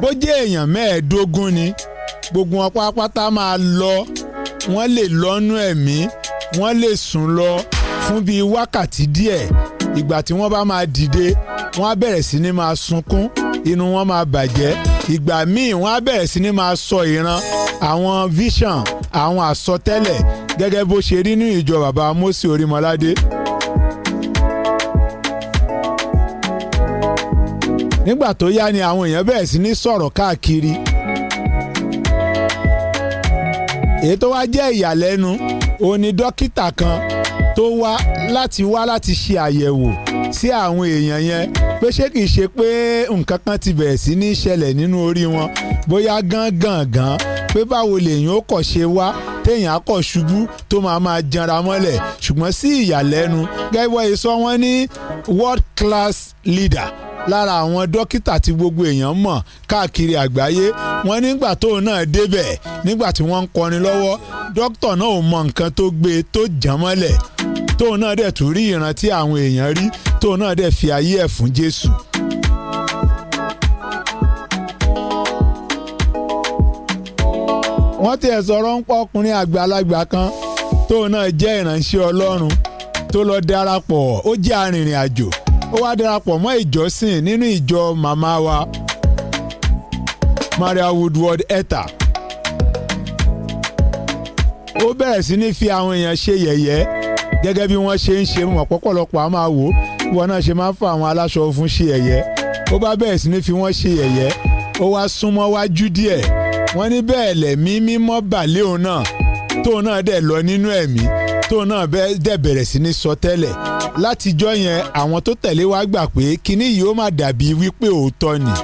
S4: bó jẹ́ èèyàn mẹ́ẹ̀ẹ́dógún ni gbogbo wọn pátápátá máa lọ wọ́n lè lọ́nú ẹ̀mí wọ́n lè sùn lọ fún bíi wákàtí díẹ̀ ìgbà tí wọ́n bá máa dìde wọ́n á bẹ̀rẹ̀ sí ní máa sunkún inú wọn máa bàjẹ́ ìgbà míì wọ́n á bẹ̀rẹ̀ sí ní máa sọ ìran àwọn vision àwọn àsọtẹ́lẹ̀ gẹ́gẹ́ bó ṣe rí ní ìjọ bàbá Mósè Orímọládé. nígbà tó yá ni àwọn èèyàn bẹ̀rẹ̀ sí ní sọ̀rọ̀ káàkiri èyí tó wá jẹ́ ìyàlẹ́nu òun ni dókítà kan tó wá láti wá láti ṣe àyẹ̀wò sí àwọn èèyàn yẹn pé ṣé kìí ṣe pé nǹkan kan ti bẹ̀rẹ̀ sí ní ṣẹlẹ̀ nínú orí wọn bóyá gán gàn gán pé báwo lèyìn ó kọ̀ ṣe wá téèyàn á kọ̀ ṣubú tó máa máa janra mọ́lẹ̀ ṣùgbọ́n sí ìyàlẹ́nu gẹ́gẹ́ bọ́ ìsọ wọn ní world class leader lára àwọn dókítà tí gbogbo èèyàn mọ̀ káàkiri àgbáyé wọn nígbà tóun náà débẹ̀ nígbà tí wọ́n ń kọrin lọ́wọ́ dókítà náà ò mọ nǹkan tó gbé e tó jàn mọ́lẹ̀ tóun náà dẹ̀ tún rí ìrántí àwọn èèyàn rí tóun náà dẹ̀ fi ayé ẹ̀ fún Jésù wọ́n ti ẹ̀ sọ̀rọ̀ ń pọ̀ ọkùnrin àgbàlagbà kan tóun náà jẹ́ ìránṣẹ́ Ọlọ́run tó lọ darapọ̀ ó jẹ́ arìnrìn àjò ó wá darapọ̀ mọ́ ìjọsìn nínú ìjọ màmá wa Maria Woodward Etta ó bẹ̀rẹ̀ sí ní fi àwọn èèyàn ṣe yẹ̀yẹ́ gẹ́gẹ́ bí wọ́n ṣe ń ṣe mọ̀ pọ́pọ́lọpọ̀ á máa wò ó náà ṣe máa ń fa àwọn aláṣọ fún ṣe yẹ̀yẹ́ ó bá bẹ̀rẹ̀ sí ní fi wọ́n ṣe yẹ̀yẹ́ ó wá súnmọ́ wájú díẹ̀ wọ́n ní bẹ́ẹ̀ lẹ̀mí mímọ́ bàlẹ́ òun náà tóun náà dẹ̀ lọ nínú ẹ̀mí tóun náà dẹ̀ bẹ̀rẹ̀ sí ní sọ tẹ́lẹ̀ látijọ́ yẹn àwọn tó tẹ̀lé wa gbà pé kinní yìí ó má dàbí wípé òótọ́ ni.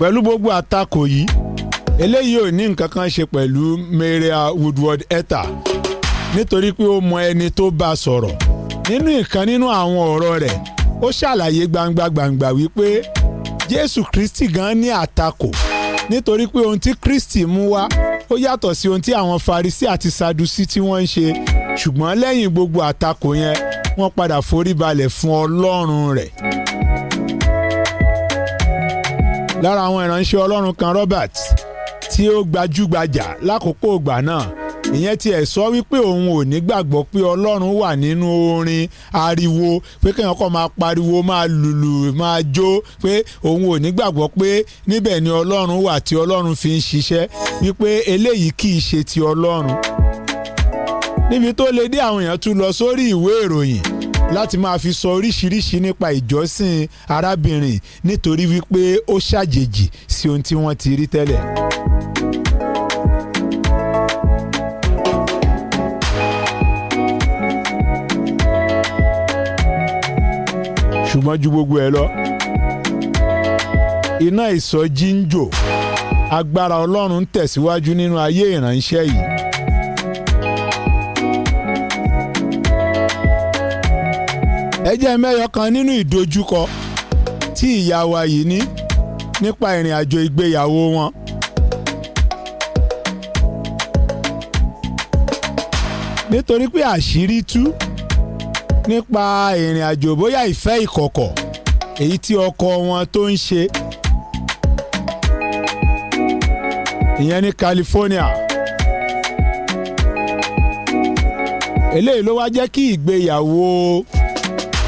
S4: pẹ̀lú gbogbo àtakò yìí eléyìí ò ní nǹkan kan ṣe pẹ̀lú Maria Woodward Etta nítorí pé ó mọ ẹni tó bá sọ̀rọ̀ nínú ìkan nínú àwọn ọ̀rọ̀ rẹ̀ ó ṣàlàyé gbangba gbangba wípé Jésù Kristi gan ní àtakò nítorí pé ohun tí Kristi mú wá ó yàtọ̀ sí ohun tí àwọn Farisí àti Sadusi tí wọ́n ń ṣe ṣùgbọ́n lẹ́yìn gbogbo àtakò yẹn wọ́n padà forí balẹ̀ fún Ọlọ́run rẹ̀. lára àwọn ìránṣẹ́ Ọlọ́run kan Robert tí ó gbajúgbajà lákòókò ìgbà náà ìyẹn ti ẹ̀ sọ wípé òun ò ní gbàgbọ́ pé ọlọ́run wà nínú orin ariwo pé kéèyàn kàn máa pariwo máa lùlù máa jó pé òun ò ní gbàgbọ́ pé níbẹ̀ ni ọlọ́run wà tí ọlọ́run fi ń ṣiṣẹ́ wípé eléyìí kì í ṣe ti ọlọ́run. níbi tó lè dé àwọn èèyàn tún lọ sórí ìwé ìròyìn láti máa fi sọ oríṣiríṣi nípa ìjọsìn arábìnrin nítorí wípé ó ṣàjèjì sí ohun tí wọ́n ti rí tẹ́lẹ̀. ṣùgbọ́n ju gbogbo ẹ lọ iná ìsọjí ń jò agbára Ọlọ́run ń tẹ̀síwájú nínú ayé ìránṣẹ́ yìí. ẹ jẹ́ mẹ́yọ kan nínú ìdojúkọ tí ìyá wa yìí ní nípa ìrìn àjò ìgbéyàwó wọn. nítorí pé àṣírí tú nípa ìrìn àjò bóyá ìfẹ́ ìkọ̀kọ̀ èyí tí ọkọ wọn tó ń ṣe ìyẹn ní California eléyìí ló wá jẹ́ kí ìgbéyàwó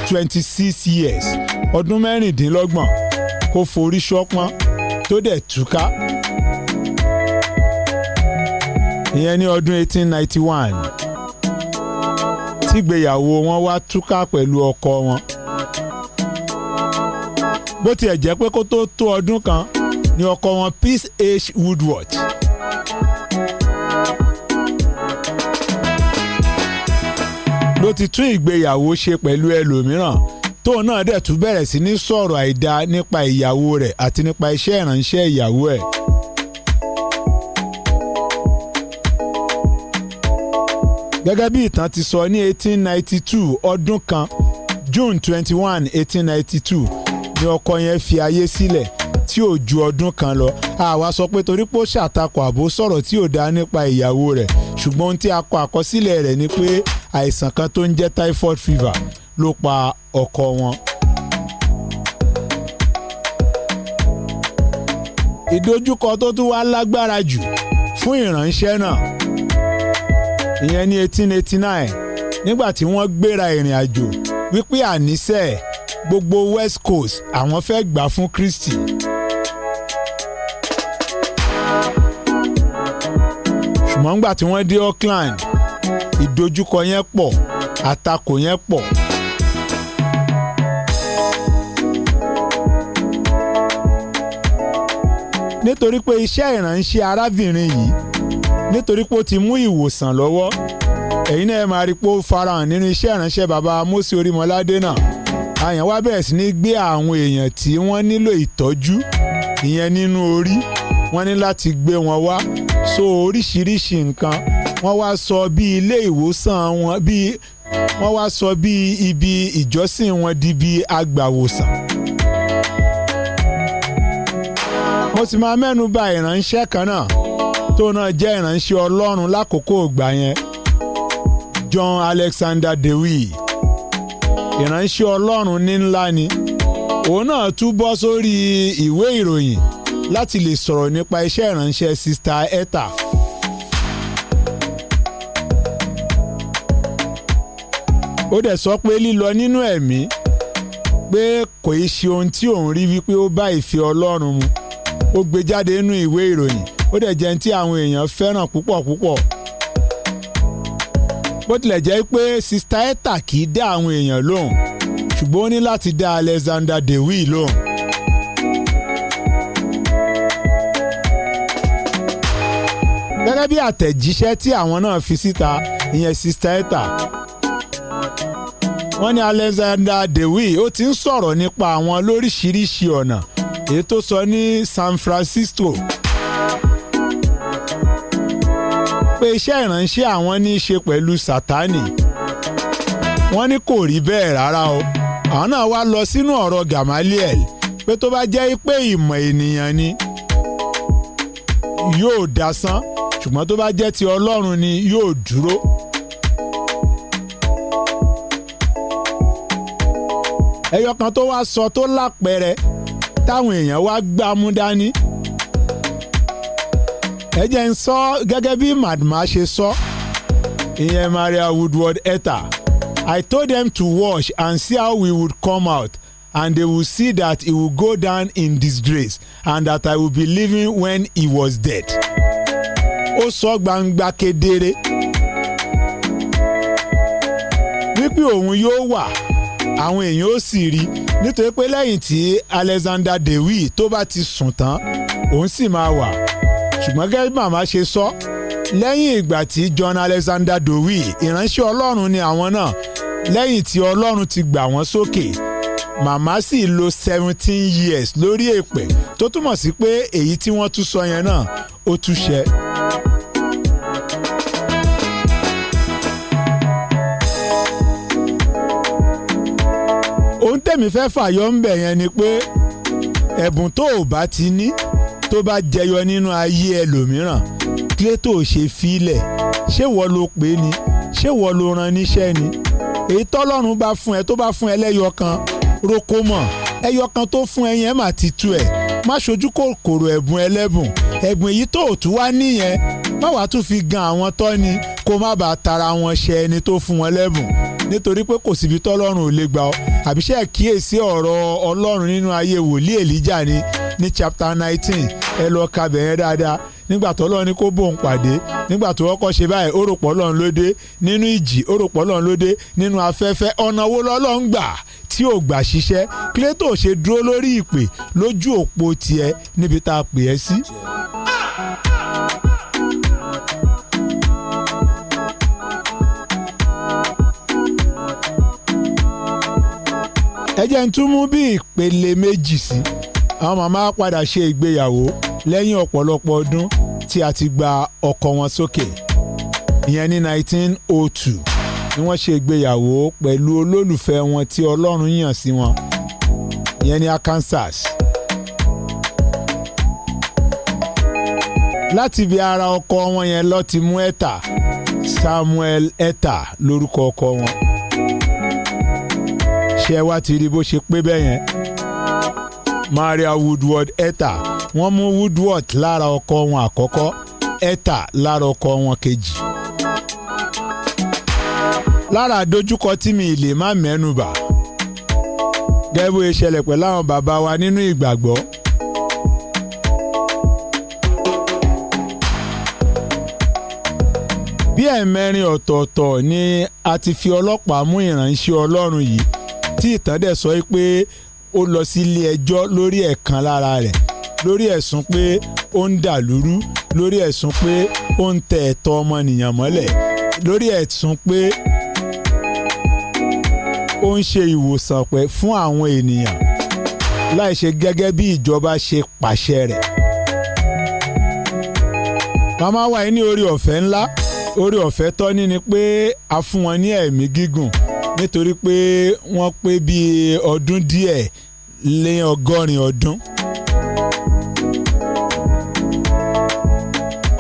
S4: twenty six years ọdún mẹ́rìndínlọ́gbọ̀n kó forí ṣọpọ́n tó dẹ̀ túká ìyẹn ní ọdún eighteen ninety one tígbéyàwó wọn wá túká pẹ̀lú ọkọ wọn. bó tiẹ̀ jẹ́ pé kó tó tó ọdún kan ni ọkọ wọn Peace H Woodward. ló ti tún ìgbéyàwó ṣe pẹ̀lú ẹlòmíràn tóun náà dẹ̀ tún bẹ̀rẹ̀ sí ní sọ̀rọ̀ àìdá nípa ìyàwó rẹ̀ àti nípa iṣẹ́ ìránṣẹ́ ìyàwó ẹ̀. gẹ́gẹ́ bí ìtàn ti sọ ní 1892 ọdún kan June 21 1892 ni ọkọ yẹn fi ayé sílẹ̀ tí ò ju ọdún kan lọ àwa sọ pé torí pé ó ṣàtakò àbó sọ̀rọ̀ tí ò dá nípa ìyàwó rẹ̀ ṣùgbọ́n ohun tí a kọ àkọsílẹ̀ rẹ̀ ni pé àìsàn kan tó ń jẹ́ typhoid fever ló pa ọkọ wọn. ìdojúkọ tó tún wá lágbára jù fún ìránṣẹ́ náà ìyẹn ní eighteen eighty nine nígbà tí wọ́n gbéra ìrìn àjò wípé àníṣe gbogbo west coast àwọn fẹ́ gbà fún Kristi. ṣùgbọ́n nígbà tí wọ́n dé Auckland ìdojúkọ yẹn pọ̀ àtakò yẹn pọ̀. nítorí pé iṣẹ́ ìrànṣẹ́ arábìnrin yìí nítorí pé ó ti mú ìwòsàn lọ́wọ́ ẹ̀yin náà ẹ máa rí pé ó farahàn nínú iṣẹ́ ìránṣẹ́ baba Mósè Orímọládé náà àyàn wá bẹ̀rẹ̀ sí ní gbé àwọn èèyàn tí wọ́n nílò ìtọ́jú ìyẹn nínú orí wọ́n ní láti gbé wọn wá so oríṣiríṣi nǹkan wọ́n wá sọ bí ilé ìwòsàn wọn bí wọ́n wá sọ bí ibi ìjọsìn wọn di bí agbàwòsàn. mo sì máa mẹ́nu bà ìránṣẹ́ kan náà tó náà jẹ́ ìránṣẹ́ Ọlọ́run lákòókò ìgbà yẹn John Alexander Dewey ìránṣẹ́ Ọlọ́run ní ńlá ni òun náà tún bọ́ sórí ìwé ìròyìn láti lè sọ̀rọ̀ nípa iṣẹ́ ìránṣẹ́ sista Etta. ó dẹ̀ sọ pé lílọ nínú ẹ̀mí pé kò í ṣe ohun tí òun rí wípé ó bá ìfẹ́ Ọlọ́run mu ó gbé jáde nínú ìwé ìròyìn ó dẹ̀ jẹ́ tí àwọn èèyàn fẹ́ràn púpọ̀ púpọ̀ bó tilẹ̀ jẹ́ pé sista Etta kì í dá àwọn èèyàn lóhùn ṣùgbọ́n ó ní láti dá Alexander Dewey lóhùn. gẹ́gẹ́ bí àtẹ̀jíṣẹ́ tí àwọn náà fi síta ìyẹn sista Etta wọ́n ní Alexander Dewey ó ti ń sọ̀rọ̀ nípa àwọn lóríṣiríṣi ọ̀nà èyí tó sọ ní San Francisco. pé iṣẹ́ ìránṣẹ́ àwọn ní í ṣe pẹ̀lú Sátánì wọ́n ní kò rí bẹ́ẹ̀ rárá o àwọn náà wá lọ sínú ọ̀rọ̀ Gamaliel pé tó bá jẹ́ pé ìmọ̀ ènìyàn ni yóò dasán ṣùgbọ́n tó bá jẹ́ ti Ọlọ́run ni yóò dúró. ẹyọ kan tó wá sọ tó lápẹẹrẹ táwọn èèyàn wá gbámú dání ẹ jẹ́ ń sọ gẹ́gẹ́ bí madma ṣe sọ ìyẹn Maria Woodward Etta I told them to watch and see how we would come out and they would see that he would go down in disgrace and that I would be living when he was dead. ó sọ gbangba kedere wípé òun yóò wà àwọn èèyàn ó sì rí nítorí pé lẹ́yìn tí Alexander Dewey tó bá ti sùn tán òun sì máa wà ṣùgbọ́n gẹ́gẹ́ bí màmá ṣe sọ lẹ́yìn ìgbà tí John Alexander Dowie ìránṣẹ́ Ọlọ́run ni àwọn náà lẹ́yìn tí Ọlọ́run ti gbà wọ́n sókè màmá sì lò seventeen years lórí èpè tó túmọ̀ sí pé èyí tí wọ́n tún sọ yẹn náà ó tún ṣẹ. ohun tẹ̀mí fẹ́ fàyọ ń bẹ̀ yẹn ni pé ẹ̀bùn tó o bá ti ní tó bá jẹyọ nínú ayé ẹlòmíràn kílétò ṣe fílẹ̀ ṣé wọ́n ló pè é ni ṣé wọ́n ló rán níṣẹ́ ni èyí tọ́lọ́run bá fún ẹ tó bá fún ẹ lẹ́yọ kan roko mọ̀ ẹyọ kan tó fún ẹ yẹn mà ti tu ẹ̀ má ṣojú kòkòrò ẹ̀bùn ẹlẹ́bùn ẹ̀bùn èyí tó tún wá nìyẹn má wàá tún fi gan àwọn tọ́ ni kó má bàa tara wọn ṣe ẹni tó fún wọn lẹ́bùn nítorí pé kò síbi tọ́lọ́run ò lè gbà ọ́ àbíṣẹ́ kíyèsí ọ̀rọ̀ ọlọ́run nínú ayé wòlíì Èlíjà ni ní chapter nineteen ẹ lọ ka bẹ̀yẹn dáadáa nígbà tó lọ́ọ́ ni kó bóun pàdé nígbà tó ọkọ̀ ṣe báyìí ó rò pọ̀ lọ́n lóde nínú ìjì ó rò pọ̀ lọ́n lóde nínú afẹ́fẹ́ ọ̀nà wo lọ́lọ́ ń gbà tí ò gbà ṣiṣẹ́ kílétò ṣe dúró lórí ìpè lójú òpó tiẹ̀ níbi tá a pè ẹ́ sí. ẹ jẹ́ ń tún mú bí ìpele méjì sí i àwọn màmá padà ṣe ìgbéyàwó lẹ́yìn ọ̀pọ̀lọpọ̀ ọdún tí a ti gba ọkọ wọn sókè ìyẹn ní 1902 ni wọ́n ṣe ìgbéyàwó pẹ̀lú olólùfẹ́ wọn tí Ọlọ́run yàn sí wọn ìyẹn ní Arkansas. láti ibi ara ọkọ wọn yẹn lọ ti mú ẹ̀tà Samuel ẹ̀tà lórúkọ ọkọ wọn ṣé wá ti rí bó ṣe pé bẹ́ẹ̀ yẹn. Maria Woodward Etta wọ́n mú Woodward lára ọkọ wọn àkọ́kọ́ Etta lára ọkọ wọn kejì. lára àdójúkọ tí mi lè má mẹ́nubà gẹ́gẹ́ bó ṣe ṣẹlẹ̀ pẹ̀lú àwọn bàbá wa nínú ìgbàgbọ́. bí ẹ̀mẹ́rin ọ̀tọ̀ọ̀tọ̀ ni a ti fi ọlọ́pàá mú ìránṣẹ́ Ọlọ́run yìí tí ìtàn dẹ̀ sọ pé ó lọ sílé ẹjọ́ lórí ẹ̀kan lára rẹ̀ lórí ẹ̀sùn pé ó ń dàlúrú lórí ẹ̀sùn pé ó ń tẹ ẹ̀tọ́ ọmọnìyàn mọ́lẹ̀ lórí ẹ̀sùn pé ó ń ṣe ìwòsàn pẹ̀ fún àwọn ènìyàn láì ṣe gẹ́gẹ́ bí ìjọba ṣe pàṣẹ rẹ̀. màmá wa yìí ní orí ọ̀fẹ́ ńlá orí ọ̀fẹ́ tọ́ni ni pé a fún wọn ní ẹ̀mí gígùn nítorí pé wọ́n pé bíi ọdún díẹ̀ lé ọgọ́rin ọdún.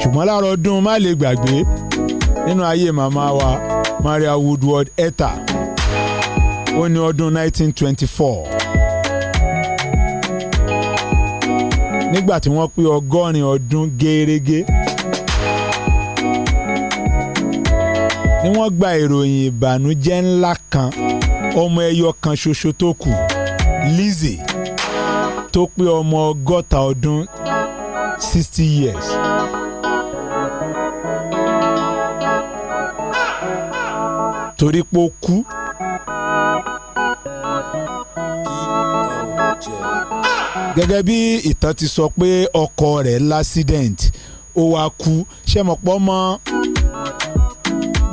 S4: ṣùgbọ́n lára ọdún má lè gbàgbé nínú ayé màmá wa Maria Woodward Etta ó ní ọdún 1924 nígbà tí wọ́n pé ọgọ́rin ọdún gẹ́rẹ́gẹ́. ni wọ́n gba ìròyìn ìbànújẹ́ ńlá kan ọmọ ẹyọ kan ṣoṣo tó kù Lizzy tó pé ọmọ ọgọ́ta ọdún sixty years. torí pé ó kú. gẹ́gẹ́ bí ìtàn ti sọ pé ọkọ rẹ̀ lásìdẹ̀ǹtì ó wá kú ṣé mọ̀ pọ́ mọ́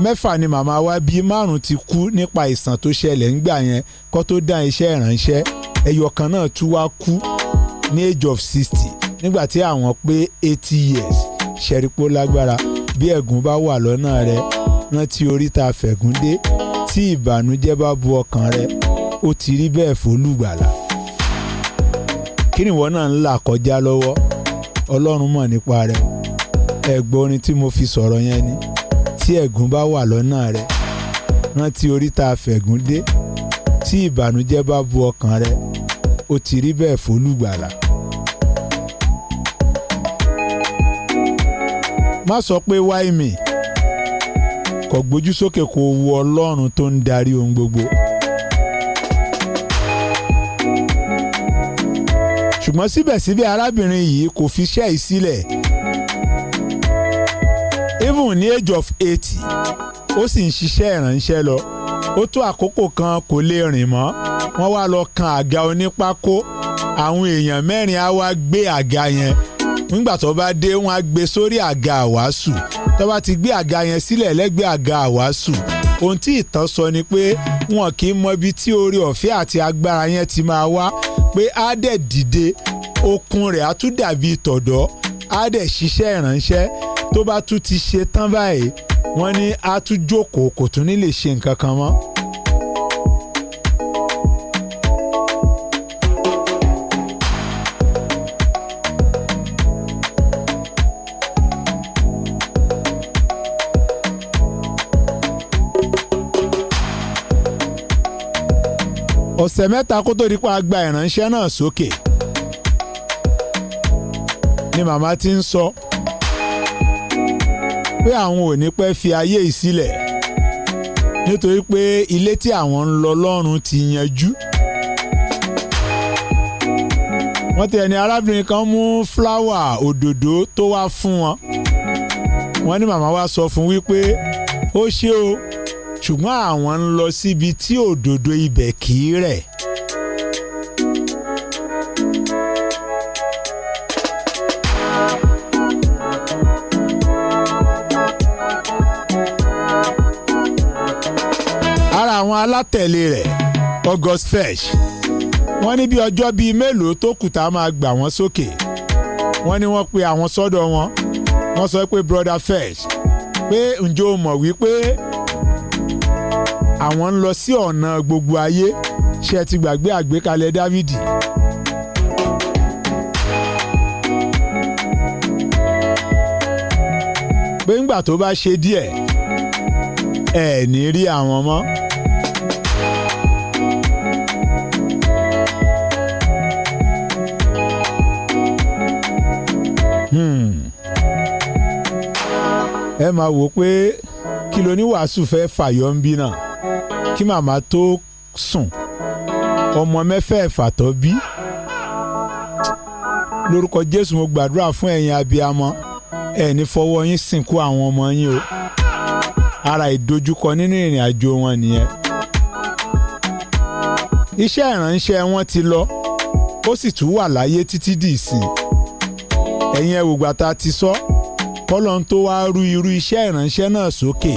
S4: mẹ́fà ni màmá wa bíi márùn ti kú nípa ìsàn tó ṣẹlẹ̀ ńgbà yẹn kó tó dá iṣẹ́ ìránṣẹ́ ẹyọ kan náà tún wá kú ní age of sixty nígbà tí àwọn pé eighty years ṣẹ̀rípò lágbára bí ẹ̀gún bá wà lọ́nà rẹ rántí oríta fẹ̀gún dé tí ìbànújẹ́ bá bu ọkàn rẹ ó ti rí bẹ́ẹ̀ fólùgbàlà kí ni ìwọ náà ń là kọjá lọ́wọ́ ọlọ́run mọ̀ nípa rẹ ẹ̀gbọ́n orin tí mo fi sọ̀rọ̀ yẹn ni tí ẹ̀gún bá wà lọ́nà rẹ rántí oríta fẹ̀gún dé tí ìbànújẹ́ bá bu ọkàn rẹ ó ti rí bẹ́ẹ̀ fólùgbàlà. má sọ pé why me kò gbójú sókè kó wo ọlọ́run tó ń darí ohun gbogbo. ṣùgbọ́n síbẹ̀síbẹ̀ arábìnrin yìí kò fi iṣẹ́ yìí sílẹ̀ seven ní age of eighty ó sì ń ṣiṣẹ́ ìrànṣẹ́ lọ ó tó àkókò kan kò lè rìn mọ́ wọ́n wá lọ kan àga onípákó àwọn èèyàn mẹ́rin á wá gbé àga yẹn nígbà tó bá dé wọ́n á gbé sórí àga àwàásù tó bá ti gbé àga yẹn sílẹ̀ lẹ́gbẹ̀ẹ́ àga àwàásù ohun tí ìtàn sọ ni pé wọn kì í mọ ibi tí oore ọ̀fẹ́ àti agbára yẹn ti máa wá pé á dẹ̀ dìde okun rẹ̀ á tún dàbí tọ̀dọ̀ á dẹ̀ ṣiṣẹ́ ìrànṣẹ́ tó bá tún ti ṣe tán báyìí wọ́n ní a tún jókòó kò tún ní lè ṣe nǹkan kan mọ́. ọ̀sẹ̀ mẹ́ta kó tó di pa gba ìránṣẹ́ náà sókè ni màmá ti ń sọ. So pé àwọn ò ní pẹ́ fi ayé yìí sílẹ̀ nítorí pé ilé tí àwọn ń lọ lọ́run ti yanjú. wọ́n ti ẹni arábìnrin kan mú fúláwà òdòdó tó wá fún wọn. wọ́n ní màmá wa sọ fún wípé ó ṣé o ṣùgbọ́n àwọn ń lọ síbi tí òdòdó ibẹ̀ kì í rẹ̀. àwọn alátẹ̀lé rẹ̀ August Fesch wọ́n ní bí ọjọ́ bíi mélòó tó kù tá a máa gbà wọ́n sókè wọ́n ní wọ́n pe àwọn sọ́dọ̀ wọn wọ́n sọ pé brother Fesch pé ǹjẹ́ o mọ̀ wípé àwọn ń lọ sí ọ̀nà gbogbo ayé ṣe ti gbàgbé àgbékalẹ̀ Dávidi. pé ńgbà tó bá ṣe díẹ̀ ẹ̀ ní rí àwọn mọ́. ẹ máa wò pé kí ló ní wàásù fẹ́ fàyọ̀ ń bí náà kí màmá tó sùn ọmọ mẹ́fẹ̀ẹ̀fà tó bí lórúkọ Jésù mo gbàdúrà fún ẹ̀yin abiyamọ ẹ ní fọwọ́ yín sìnkú àwọn ọmọ yín o ara ìdojúkọ nínú ìrìn àjò wọn nìyẹn iṣẹ́ ìránṣẹ́ wọn ti lọ ó sì tún wà láyé títí dìísìn ẹ̀yin ẹ̀wògbà tá a ti sọ. So kọ́lọ́n tó wá rú irú iṣẹ́ ìránṣẹ́ náà sókè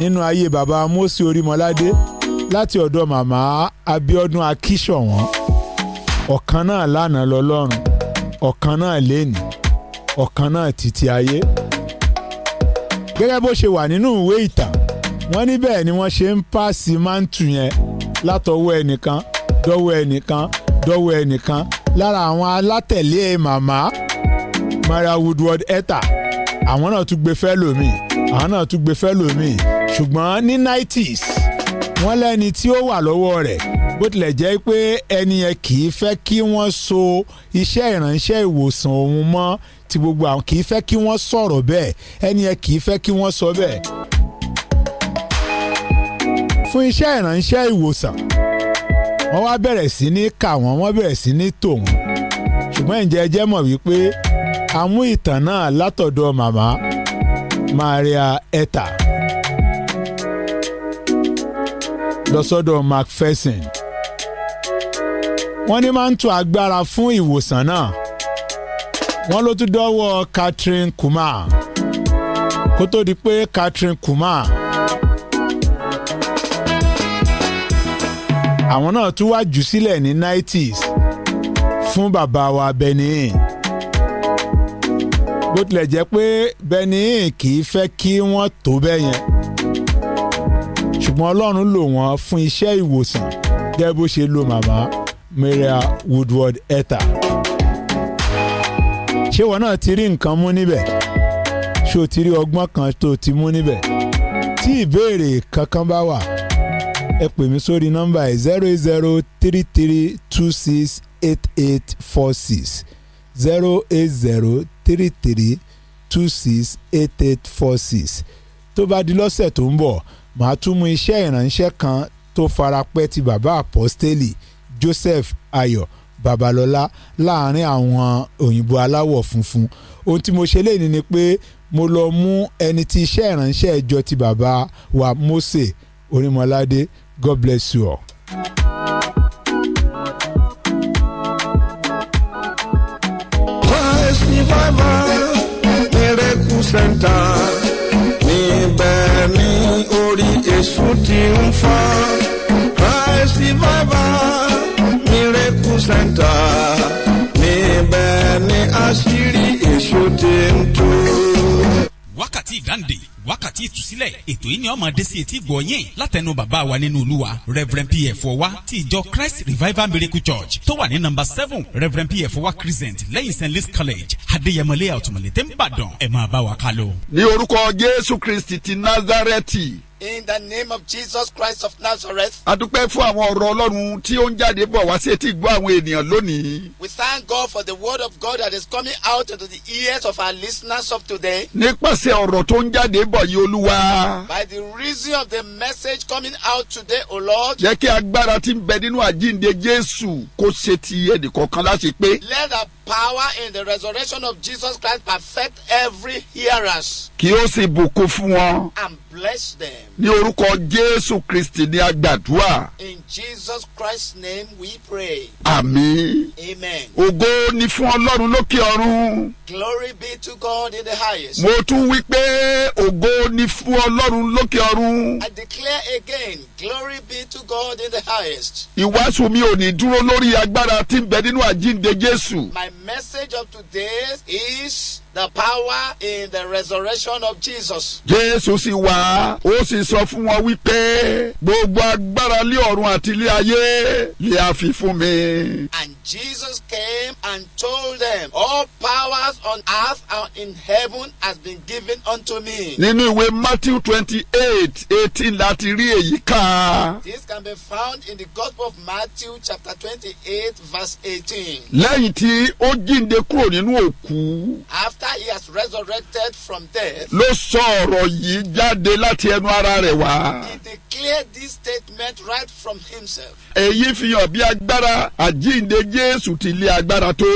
S4: nínú ayé bàbá Mósè Orímọládé láti ọ̀dọ̀ màmá Abíọ́dún Akíṣọ̀wọ́n ọ̀kan náà lánàá lọ́lọ́run ọ̀kan náà lẹ́nìí ọ̀kan náà títí ayé gẹ́gẹ́ bó ṣe wà nínú ìwé ìtàn wọ́n ní bẹ́ẹ̀ ni wọ́n ṣe ń pàṣẹ máńtù yẹn látọwọ́ ẹnìkan dọ́wọ́ ẹnìkan dọ́wọ́ ẹnìkan lára àwọn alátẹ̀lé màmá Mara Woodward Etta àwọn náà tún gbé fẹ́ lómi àwọn náà tún gbé fẹ́ lómi ṣùgbọ́n ní 90s wọ́n lẹ́ni tí ó wà lọ́wọ́ rẹ̀ bó tilẹ̀ jẹ́ pé ẹni yẹn kì í fẹ́ kí wọ́n so iṣẹ́ ìránṣẹ́ ìwòsàn òun mọ́ ti gbogbo àwọn kì í fẹ́ kí wọ́n sọ̀rọ̀ bẹ́ẹ̀ ẹni yẹn kì í fẹ́ kí wọ́n sọ bẹ́ẹ̀. fún iṣẹ́ ìránṣẹ́ ìwòsàn wọ́n wá bẹ̀rẹ̀ sí ní kà wọ́n wọ́n bẹ̀rẹ̀ sí ní tò ṣùgbọ́n ǹjẹ́ mọ̀ wípé a mú ìtàn náà látọ̀dọ̀ màmá Maria Etta lọ́sọ́dọ̀ Macpherson wọ́n ní máa ń tu agbára fún ìwòsàn náà wọ́n ló tún dọ́wọ́ Catherine Kumar kó tó di pé Catherine Kumar àwọn náà tún wá jù sílẹ̀ ní 90s fún bàbá wa Benin bó tilẹ̀ jẹ́ pé Benin kì í fẹ́ kí wọ́n tó bẹ́ẹ̀ yẹn ṣùgbọ́n Ọlọ́run lò wọ́n fún iṣẹ́ ìwòsàn gẹ́gẹ́ bó ṣe lo màmá Maria Woodward Etta ṣé wọn náà ti rí nǹkan mú níbẹ̀ ṣé o ti rí ọgbọ́n kan tó ti mú níbẹ̀ tí ìbéèrè kankan bá wà ẹ pè mí sórí nọ́mbà ẹ̀ zero zero three three two six eight eight four six zero eight zero three three two six eight eight four six tó bá di lọ́sẹ̀ tó ń bọ̀ màá tún mú iṣẹ́ ìránṣẹ́ kan tó farapẹ́ ti bàbá àpọ́stélì Joseph Ayọ̀ Babalọ́lá láàrin àwọn òyìnbó aláwọ̀ funfun ohun tí mo ṣe léyìn ni pé mo lọ mú ẹni tí iṣẹ́ ìránṣẹ́ ìjọ ti bàbá wa Mose Orímọládé God bless you all. mama miracle center
S2: níbẹ̀ ní orí èṣù ti ń fa christ survivor miracle center níbẹ̀ ní àṣírí èṣù ti ń tó wákàtí ìdáǹdè wákàtí ìtúsílẹ̀ ètò yìí ni ọmọ dé sí etí gbọ̀ yín látẹnu bàbá wa nínú olúwa reverend pf ọwa ti ìjọ christ revival miracle church tó wà ní nọ́mbà seven reverend pf ọwa crescent lẹ́yìn st louis college adéyẹmọlẹ́yà ọ̀túnmọ̀lẹ́tẹ̀ ń bàdàn ẹ̀ máa bá wa kálọ. ní orúkọ jésù kristi ti nazareti
S5: in the name of jesus christ of nazareth.
S2: a dúpẹ́ fún àwọn ọ̀rọ̀ ọlọ́run tí ó ń jáde bọ̀ wá sí etí gbọ́ àwọn ènìyàn lónìí.
S5: we thank God for the word of God that is coming out into the ears of our listeners of today.
S2: nípasẹ̀ ọ̀rọ̀ tó ń jáde bọ̀ yìí olúwa.
S5: by the reason of the message coming out today o lord. jẹ́
S2: kí agbára tí ń bẹ nínú àjíǹde jésù kó ṣe ti ẹnìkọ̀ọ̀kan láti pé. let
S5: our power in the resurrection of Jesus Christ perfect every hearers.
S2: Kí ó sì bùkún fún wọn.
S5: And bless them.
S2: Ní orúkọ Jésù Kristì ni a
S5: In Jesus Christ's name we pray. Àmín. Amen. Ògo
S2: ni fún Ọlọ́run lókè ọ̀run.
S5: Glory be to God in the highest. Mo
S2: tún wí pé ògo ni fún Ọlọ́run lókè ọ̀run. I
S5: declare again, glory be to God in the highest.
S2: Ìwàásù mi ò ní dúró lórí agbára tí ń bẹ nínú àjíǹde Jésù.
S5: My message of today is the power in the resurrection of Jesus.
S2: Jésù sì wá, ó sì sọ fún wọn wípé gbogbo agbára lé ọ̀run àti ilé ayé lè a fi fún mi.
S5: And Jesus came and told them, all powers on earth and in heaven has been given unto me.
S2: Nínú ìwé Matthew twenty-eight eighteen láti rí èyí ká.
S5: This can be found in the Gospel of Matthew chapter twenty-eight verse eighteen.
S2: Lẹ́yìn tí ó jíǹde kúrò nínú òkú.
S5: After after he has resurrected from death.
S2: ló sọ ọ̀rọ̀ yìí jáde láti ẹnu ara rẹ̀ wá. he
S5: declared this statement right from himself.
S2: èyí fi hàn bí agbára àjíǹde Jésù ti lé agbára tó.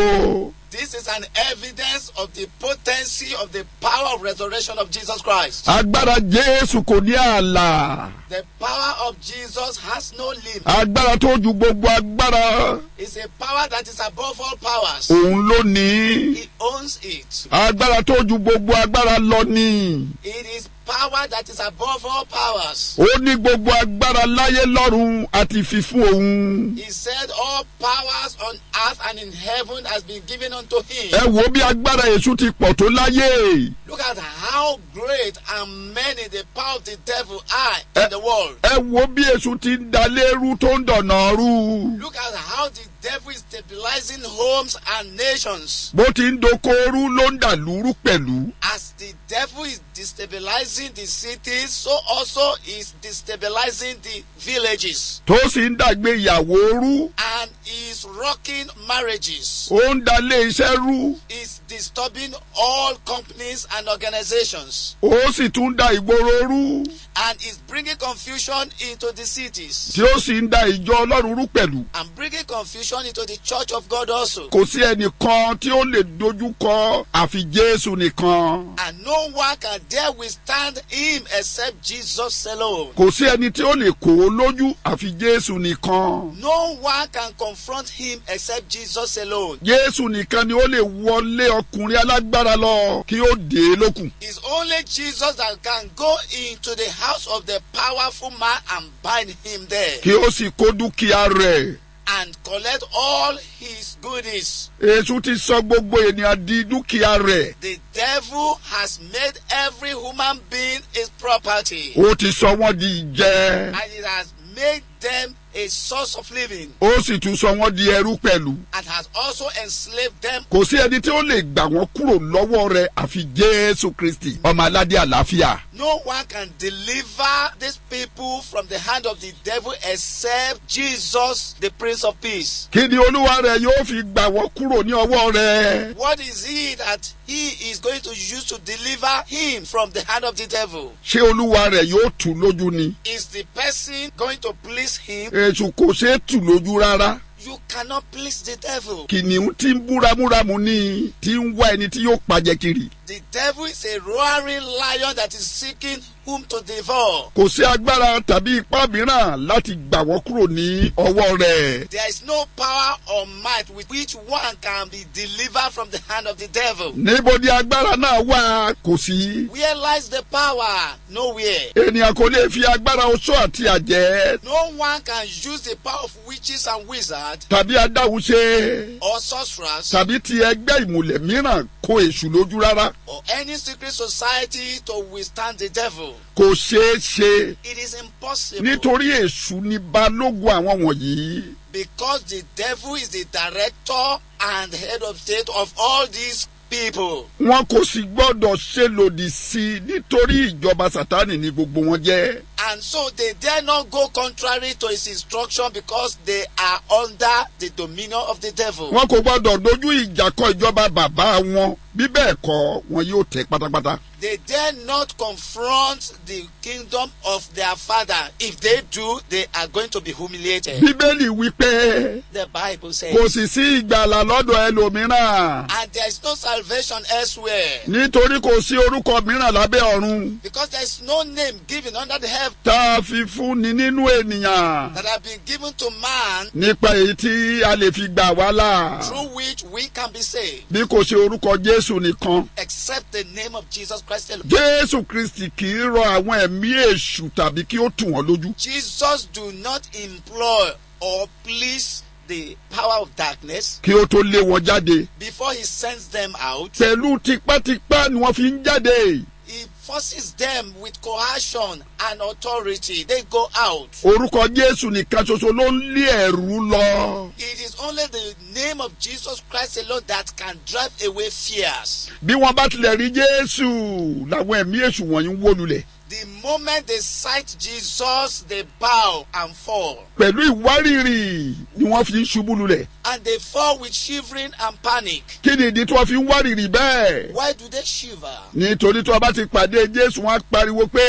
S5: This is an evidence of the potency of the power of resurrection of Jesus Christ.
S2: Agbára Jésù kò ní ààlà.
S5: The power of Jesus has no limit.
S2: Agbára tó ju gbogbo agbára.
S5: It's a power that is above all powers. Òun
S2: ló ní. He owns it. Agbára tó ju gbogbo agbára lọ ní.
S5: It is power that is above all powers.
S2: ó ní gbogbo agbára láyé lọ́run àti fífún òun.
S5: he said all powers on earth and in heaven has been given unto him. ẹ wo
S2: bí agbára èṣù ti pọ̀ tó láyé.
S5: look at how great and many the power of the devil are
S2: in the world. ẹ wo bí èṣù ti ń dalẹ́rú tó ń dọ̀nà rú.
S5: look at how the devil is stabilizing homes and nations.
S2: bó ti ń dokoru ló ń dàlúrú pẹ̀lú.
S5: as the devil is destabilizing the cities so also is destabilizing the villages.
S2: tó sì ń dàgbé ìyàwó rú.
S5: and is rocking marriages.
S2: ó ń da ilé iṣẹ́ rú.
S5: is disturbing all companies and organizations.
S2: ó sì tún da ìgboro rú.
S5: and is bringing confusion into the cities. tí
S2: ó sì ń da ìjọ ọlọ́run rú pẹ̀lú.
S5: and bringing confusion mentioned it the church of God also. Kò sí
S2: ẹnìkan tí ó lè dojúkọ àfi Jésù nìkan.
S5: And no one can dare withstand him except Jesus alone.
S2: Kò sí ẹni tí ó lè kò ó lójú àfi Jésù nìkan.
S5: No one can confront him except Jesus alone.
S2: Jésù nìkan ni ó lè wọlé ọkùnrin alágbára lọ kí ó dé lókun.
S5: It's only Jesus that can go into the house of the powerful man and bind him there. Kí ó
S2: sì kó dúkìá rẹ̀
S5: and collect all his goodies. Èṣù
S2: ti sọ gbogbo ènìyàn di dúkìá rẹ̀.
S5: The devil has made every human being his property. Ó ti sọ wọ́n
S2: di ìjẹ. And
S5: it has made them a source of living.
S2: ó sì tún sọ wọ́n di ẹrú pẹ̀lú.
S5: and has also enslaved them.
S2: kò sí ẹni tí ó lè gbà wọ́n kúrò lọ́wọ́ rẹ̀ àfi jésù kristi ọmọ aládé àlàáfíà.
S5: no one can deliver these people from the hand of the devil except jesus the prince of peace.
S2: kí ni olúwa rẹ yóò fi gbà wọ́n kúrò ní ọwọ́ rẹ̀.
S5: what is he that he is going to use to deliver him from the hand of the devil.
S2: ṣé olúwa rẹ yóò tù lójú ni.
S5: is the person going to please him
S2: èṣù kò ṣeé tù lójú rárá.
S5: you cannot please the devil.
S2: kìnìún tí ń bú ramúramù ni tí ń wá ẹni tí yóò pàjẹ́ kiri
S5: the devil is a roaring lion that is seeking whom to devour.
S2: kò sí agbára tàbí ipá mìíràn láti gbà kúrò ní ọwọ́ rẹ̀.
S5: there is no power or might with which one can be delivered from the hand of the devil. níbo
S2: ni agbára náà wà kò sí.
S5: where lies the power nowhere. ènìyàn
S2: kò lè fi agbára oṣó àti àjẹ́.
S5: no one can use the power of witches and wizards.
S2: tàbí adáhùn
S5: or sorcerers. tàbí ti
S2: ẹgbẹ́ ìmùlẹ̀ mìíràn kó èṣù lójú rárá
S5: or any secret society to withstand the devil.
S2: kò ṣeé ṣe.
S5: it is impossible.
S2: nítorí èṣù ni balógun àwọn wọ̀nyí.
S5: because the devil is the director and head of state of all these people.
S2: wọn kò sì gbọdọ̀ ṣe lòdì sí i nítorí ìjọba sátani ni gbogbo wọn jẹ́
S5: and so they dare not go contrary to his instruction because they are under the dominion of the devil. wọn kò
S2: gbọdọ̀ dojú ìjà kọ ìjọba bàbá wọn bí bẹ́ẹ̀ kọ́ wọn yóò tẹ̀ pátápátá.
S5: they dare not confront the kingdom of their father if they do they are going to be humiliated. bíbélì wípé. the bible says. kò sì
S2: sí ìgbàlà lọ́dọ̀ ẹlòmíràn.
S5: and there is no salvation elsewhere.
S2: nítorí kò sí orúkọ mìíràn lábẹ́ ọ̀run.
S5: because there is no name given under the heaven tá
S2: fi fún nínú ènìyàn. that
S5: have been given to man.
S2: nípa èyí tí a lè fi gbà wá through
S5: which we can be saved.
S2: bí kò ṣe orúkọ Jésù nìkan.
S5: except the name of Jesus Christ alone. Jésù
S2: Kristi kì í rọ àwọn ẹ̀mí èṣù tàbí kí ó tù wọ́n lójú.
S5: Jesus do not implore or please the power of darkness.
S2: kí ó tó lé wọn jáde.
S5: before he sends them
S2: out. pẹ̀lú tipátipá ni wọ́n fi ń jáde
S5: forces them with coercion and authority. They go out.
S2: Orúkọ Jésù nìkan ṣoṣo ló ń lé ẹ̀rù lọ.
S5: It is only the name of Jesus Christ alone that can drive away fears.
S2: Bí wọ́n bá tilẹ̀ rí Jésù làwọn ẹ̀mí èṣù wọ̀nyí wó lulẹ̀.
S5: The moment they sight Jesus, they bow and fall.
S2: Pẹ̀lú ìwárìrì ni wọ́n fi ń ṣubú lulẹ̀.
S5: And they fall with shivering and panic.
S2: Kí ni ìdí tí wọ́n fi ń wárìrì bẹ́ẹ̀?
S5: Why do they shiver?
S2: Nítorí tí wọ́n bá ti pàdé Jésù, wọ́n á pariwo pé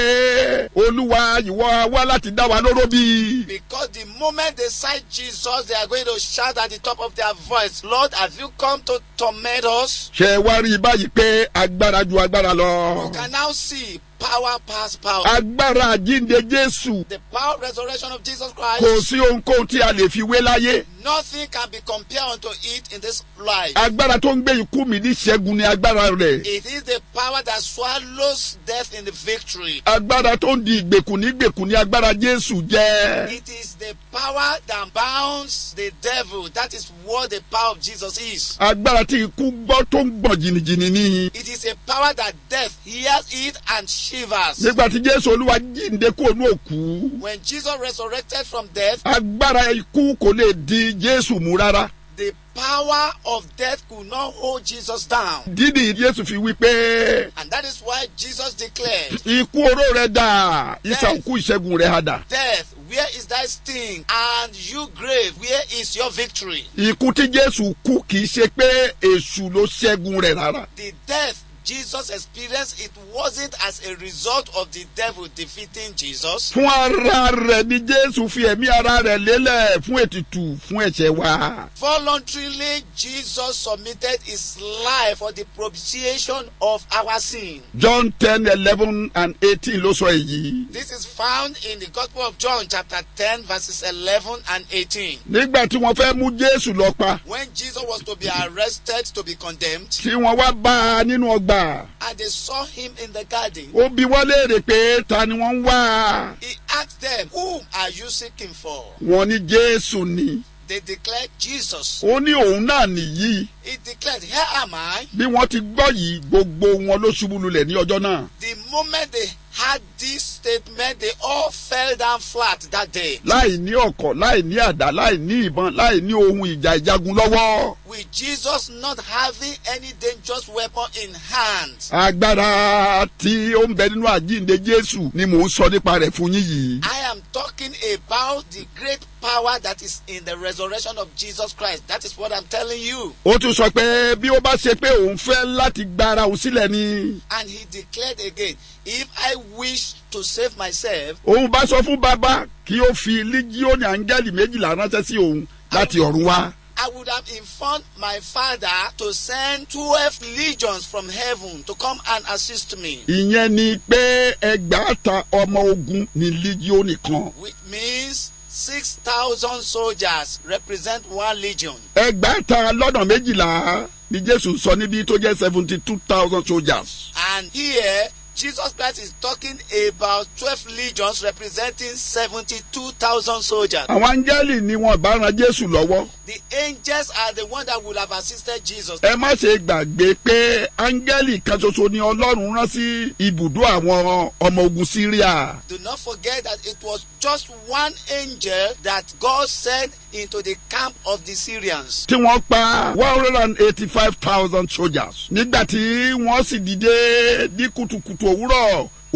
S2: Olúwa ìwọ wá láti dá wa lóró bí.
S5: Because the moment they sight Jesus, they are going to shout at the top of their voice, Lord, have you come to torment us?
S2: Ṣé wá rí i báyìí pé agbára ju agbára lọ? You
S5: can now see power pass power. agbára
S2: àjíǹde Jésù. the
S5: power of resurrection of Jesus Christ. kò sí
S2: ohunkóhun tí a lè fi wé láyé.
S5: nothing can be compared unto it in this life. agbára
S2: tó ń gbé ikú mi ní ṣẹ́gun ni agbára rẹ̀.
S5: it is the power that swallows death in the victory.
S2: agbára tó ń di ìgbèkùn ní ìgbèkùn ni agbára Jésù jẹ́.
S5: it is the power that bounds the devil that is what the power of Jesus is.
S2: agbára tí ikú gbọ́ tó ń gbọ̀n jìnnìjìnnì ni. it
S5: is a power that death hears it and shares shivers. nígbà tí
S2: jésù olúwa jíǹde kó nú òkú.
S5: when jesus resurrected from death.
S2: agbára ikú kò lè di jésù mú rárá.
S5: the power of death could not hold Jesus down.
S2: Dídì Jésù fi wí pé.
S5: And that is why Jesus declared.
S2: Ikú oró rẹ̀ dà, ìsànkú ìṣẹ́gun rẹ̀ hà
S5: Death, where is thy sting? And you grave, where is your victory?
S2: Ikú tí Jésù kú kì í ṣe pé èṣù ló ṣẹ́gun rẹ̀ rárá.
S5: The death Jesus experienced it wasn't as a result of the devil defeating Jesus. Fún ara rẹ̀
S2: ni Jésù fi ẹ̀mí ara rẹ̀ lélẹ̀ fún ètùtù fún ẹ̀ṣẹ̀ wa.
S5: Voluntarily Jesus submitted his life for the propitiation of our sin.
S2: John ten eleven and eighteen ló sọ èyí.
S5: This is found in the Gospel of John chapter ten verses eleven and eighteen.
S2: Nígbà tí wọ́n fẹ́ mú Jésù lọ pa.
S5: When Jesus was to be arrested to be condemned. Tí
S2: wọ́n wá bá a nínú ọgbà àgbà.
S5: and they saw him in the garden. ó
S2: bi wọ́n léèrè pé ta ni wọ́n ń wá. he
S5: asked them whom are you seeking for.
S2: wọ́n ní jésù ni.
S5: they declared Jesus. ó ní òun
S2: náà nìyí. he declared here am I. bí wọ́n ti gbọ́ yìí gbogbo wọn ló ṣubú lulẹ̀ ní ọjọ́ náà.
S5: the moment they heard this statement they all fell down flat that day.
S2: láì ní ọ̀kọ̀ láì ní àdá láì ní ìbọn láì ní ohun ìjà ìjagun lọ́wọ́.
S5: with Jesus not having any dangerous weapon in hand.
S2: agbára tí ó ń bẹ nínú àjíǹde Jésù ni mò ń sọ nípa rẹ̀ fún yín yìí.
S5: I am talking about the great power that is in the resurrection of Jesus Christ. That is what I'm telling you.
S2: Ó tún sọ pé bí ó bá ṣe pé òun fẹ́ láti gba òun sílẹ̀ ni.
S5: And he declared again, if I wish to save myself.
S2: òun bá sọ fún bàbá kí ó fi lígíọ̀nì áńgẹ́lì méjìlá ránṣẹ́ sí òun láti ọ̀run wá.
S5: I would have informed my father to send twelve legions from heaven to come and assist me.
S2: Ìyẹn ni pé ẹgbàáta ọmọ ogun ni lígíọ̀nì kan. Which
S5: means six thousand soldiers represent one legion.
S2: ẹgbàáta lọ́nà méjìlá ni Jésù sọ níbi tó jẹ́ seventy two thousand soldiers.
S5: And here Jesus Christ is talking about twelve legions representing seventy-two thousand soldiers. Àwọn
S2: áńgẹ́lì ni wọ́n bá ran Jésù lọ́wọ́.
S5: The angels are the ones that will have assisted Jesus. Ẹ
S2: má ṣe gbàgbé pé áńgẹ́lì kan ṣoṣo ni Ọlọ́run rán sí ibùdó àwọn ọmọ ogun Syria.
S5: Do not forget that it was just one angel that God sent into the camp of the Syrians. Tí
S2: wọ́n pa one hundred and eighty-five thousand soldiers nígbà tí wọ́n sì dìde ní kutukutu òwúrọ̀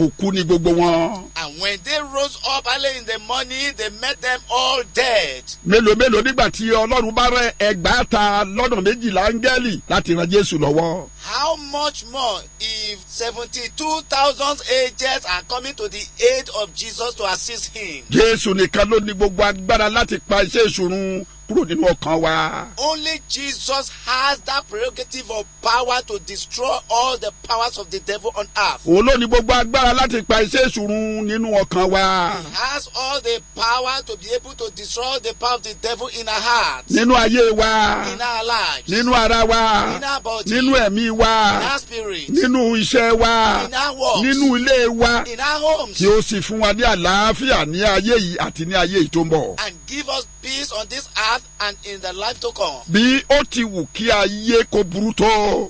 S2: òkú ni gbogbo wọn.
S5: and when they rose up early in the morning they met them all
S2: dead. mélòó mélòó nígbà tí ọlọ́run bá rẹ ẹgbàáta lọ́nà méjìlá áńgẹ́lì láti ran jésù lọ́wọ́.
S5: how much more if seventy-two thousand angels are coming to the aid of Jesus to assist him.
S2: jésù nìkan ló ní gbogbo agbára láti pa iṣẹ́ ìṣòro kúrò nínú ọkàn wa.
S5: Only Jesus has that prerogative of power to destroy all the powers of the devil on earth.
S2: Òun ló ní gbogbo agbára láti pa iṣẹ́ ìṣòro nínú ọkàn wa. He
S5: has all the power to be able to destroy the power of the devil in our hearts. Nínú ayé wa. In our lives. Nínú ara wa. In our body. Nínú ẹ̀mí wa. In our spirit. Nínú
S2: iṣẹ́ wa. In our works. Nínú ilé wa. In
S5: our homes. Kí
S2: ó sì fún wa ní àlàáfíà ní ayé yìí àti ní ayé yìí tó ń bọ̀. And
S5: give us peace on this earth earth and in the life to come.
S2: bí ó ti wù kí ayé kó burú tó.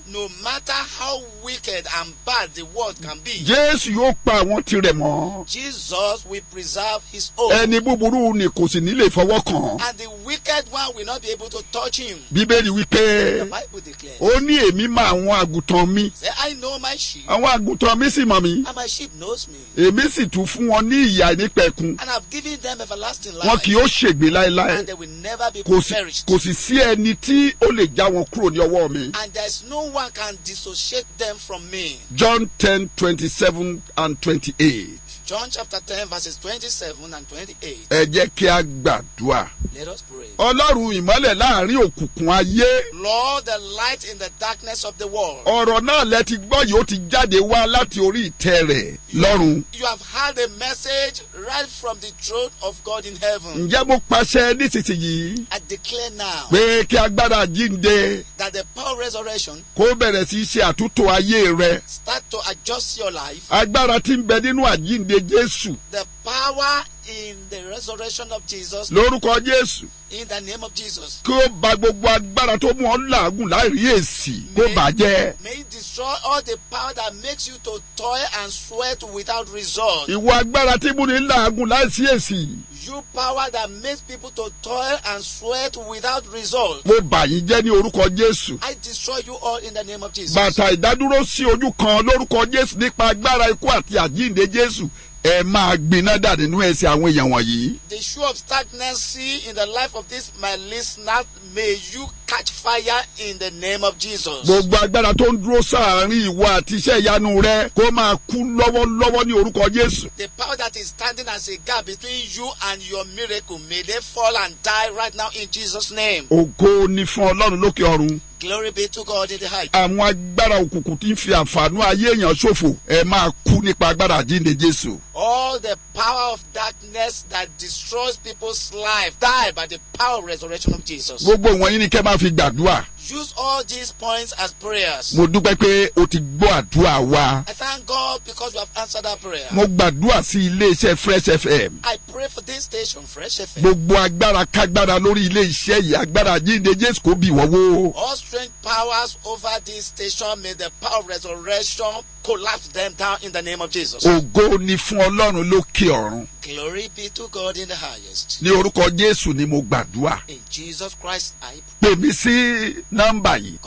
S5: no matter how wicked and bad the world can be. jésù yóò pa àwọn tirẹ̀ mọ́. jesus will preserve his own. ẹni
S2: búburú ni kò sì ní fọwọ́ kàn. and
S5: the wicked one will not be able to touch him.
S2: bíbélì wípé. the bible declares. ó ní èmi mọ àwọn àgùntàn mi. say
S5: i know my sheep. àwọn àgùntàn mi sì mọ̀ mi. and my sheep
S2: knows me. èmi sì tún fún wọn ní ìyà nípẹ̀kun.
S5: and i have given them everlasting life. wọn kì yóò ṣègbé láéláé. and they will never kò sì
S2: sí ẹni tí ó lè já wọn kúrò ní ọwọ́ mi.
S5: and there is no one can dissociate them from me.
S2: John ten twenty seven and twenty eight.
S5: John chapter ten verses twenty-seven and twenty-eight.
S2: Ẹ jẹ́ kí a gbàdúrà. Let us pray. Ọlọ́run ìmọ́lẹ̀ láàrin òkùnkùn ayé.
S5: Lord the light in the darkness of the world.
S2: Ọ̀rọ̀ náà lẹ ti gbọ́ yìí ó ti jáde wá láti orí ìtẹ́ rẹ̀ lọ́run.
S5: You have had a message right from the throne of God in heaven.
S2: Ǹjẹ́ mo pàṣẹ nísinsìnyí?
S5: I declare now. Pé
S2: kí agbára jíǹde.
S5: That the power of resurrection.
S2: Kó bẹ̀rẹ̀ sí ṣe àtúntò ayé rẹ.
S5: Start to adjust your life.
S2: Agbára tí ń bẹ nínú àjíǹde ìdìde Jésù.
S5: The power in the resurrection of Jesus. Lórúkọ Jésù. In the name of Jesus.
S2: Kí ó ba gbogbo agbára tó mú ọ làágùn láìrí èsì kó bàjẹ́.
S5: May it destroy all the power that makes you to toil and sweat without result. Ìwọ
S2: agbára tí múni làágùn láìsí èsì.
S5: You power that makes people to toil and sweat without result.
S2: Mo bà yín jẹ́ ní orúkọ Jésù.
S5: I destroy you all in the name of Jesus. Bàtà
S2: ìdádúró sí ojú kan lórúkọ Jésù nípa agbára ikú àti àjíǹde Jésù ẹ máa gbiná dà nínú ẹsẹ̀ àwọn èèyàn wọ̀nyí.
S5: the show of stagnancy in the life of this my listener may you catch fire in the name of Jesus. gbogbo
S2: agbára tó ń dúró sáàárín ìwọ àti iṣẹ́ ìyanu rẹ kó máa kú lọ́wọ́lọ́wọ́ ní orúkọ Jésù.
S5: the power that is standing as a gap between you and your miracle may they fall and die right now in Jesus name.
S2: ògo ni fún Ọlọ́run lókè ọ̀run. Glory be
S5: to God in the height.
S2: Àwọn agbára òkùnkùn tí ń fi àǹfààní ayé èèyàn ṣòfò ẹ máa kú nípa agbára àjíǹde Jésù.
S5: All the power of darkness that destroys people's life die by the power of resurrection of Jesus. Gbogbo
S2: wọ̀nyí ni kẹ́ máa fi gbàdúrà
S5: use all these points as prayers.
S2: mo dúpẹ́ pé o ti gbọ́ àdúrà wa. I
S5: thank God because you have answered our prayer. mo
S2: gbàdúrà sí ilé Fresh FM.
S5: I pray for this station Fresh FM. gbogbo
S2: agbára kágbára lórí ilé yìí agbára jíǹde Jésù kò bì wọ́n all
S5: strength powers over this station may the power of resurrection collapse them down in the name of Jesus. ògo
S2: ni fún ọlọ́run lókè ọ̀run.
S5: glory be to God in the highest.
S2: ní orúkọ Jésù ni mo gbàdúrà.
S5: in Jesus Christ I
S2: pray. pèmí sí nọ́mbà yìí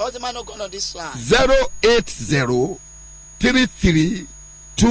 S2: zero eight zero three three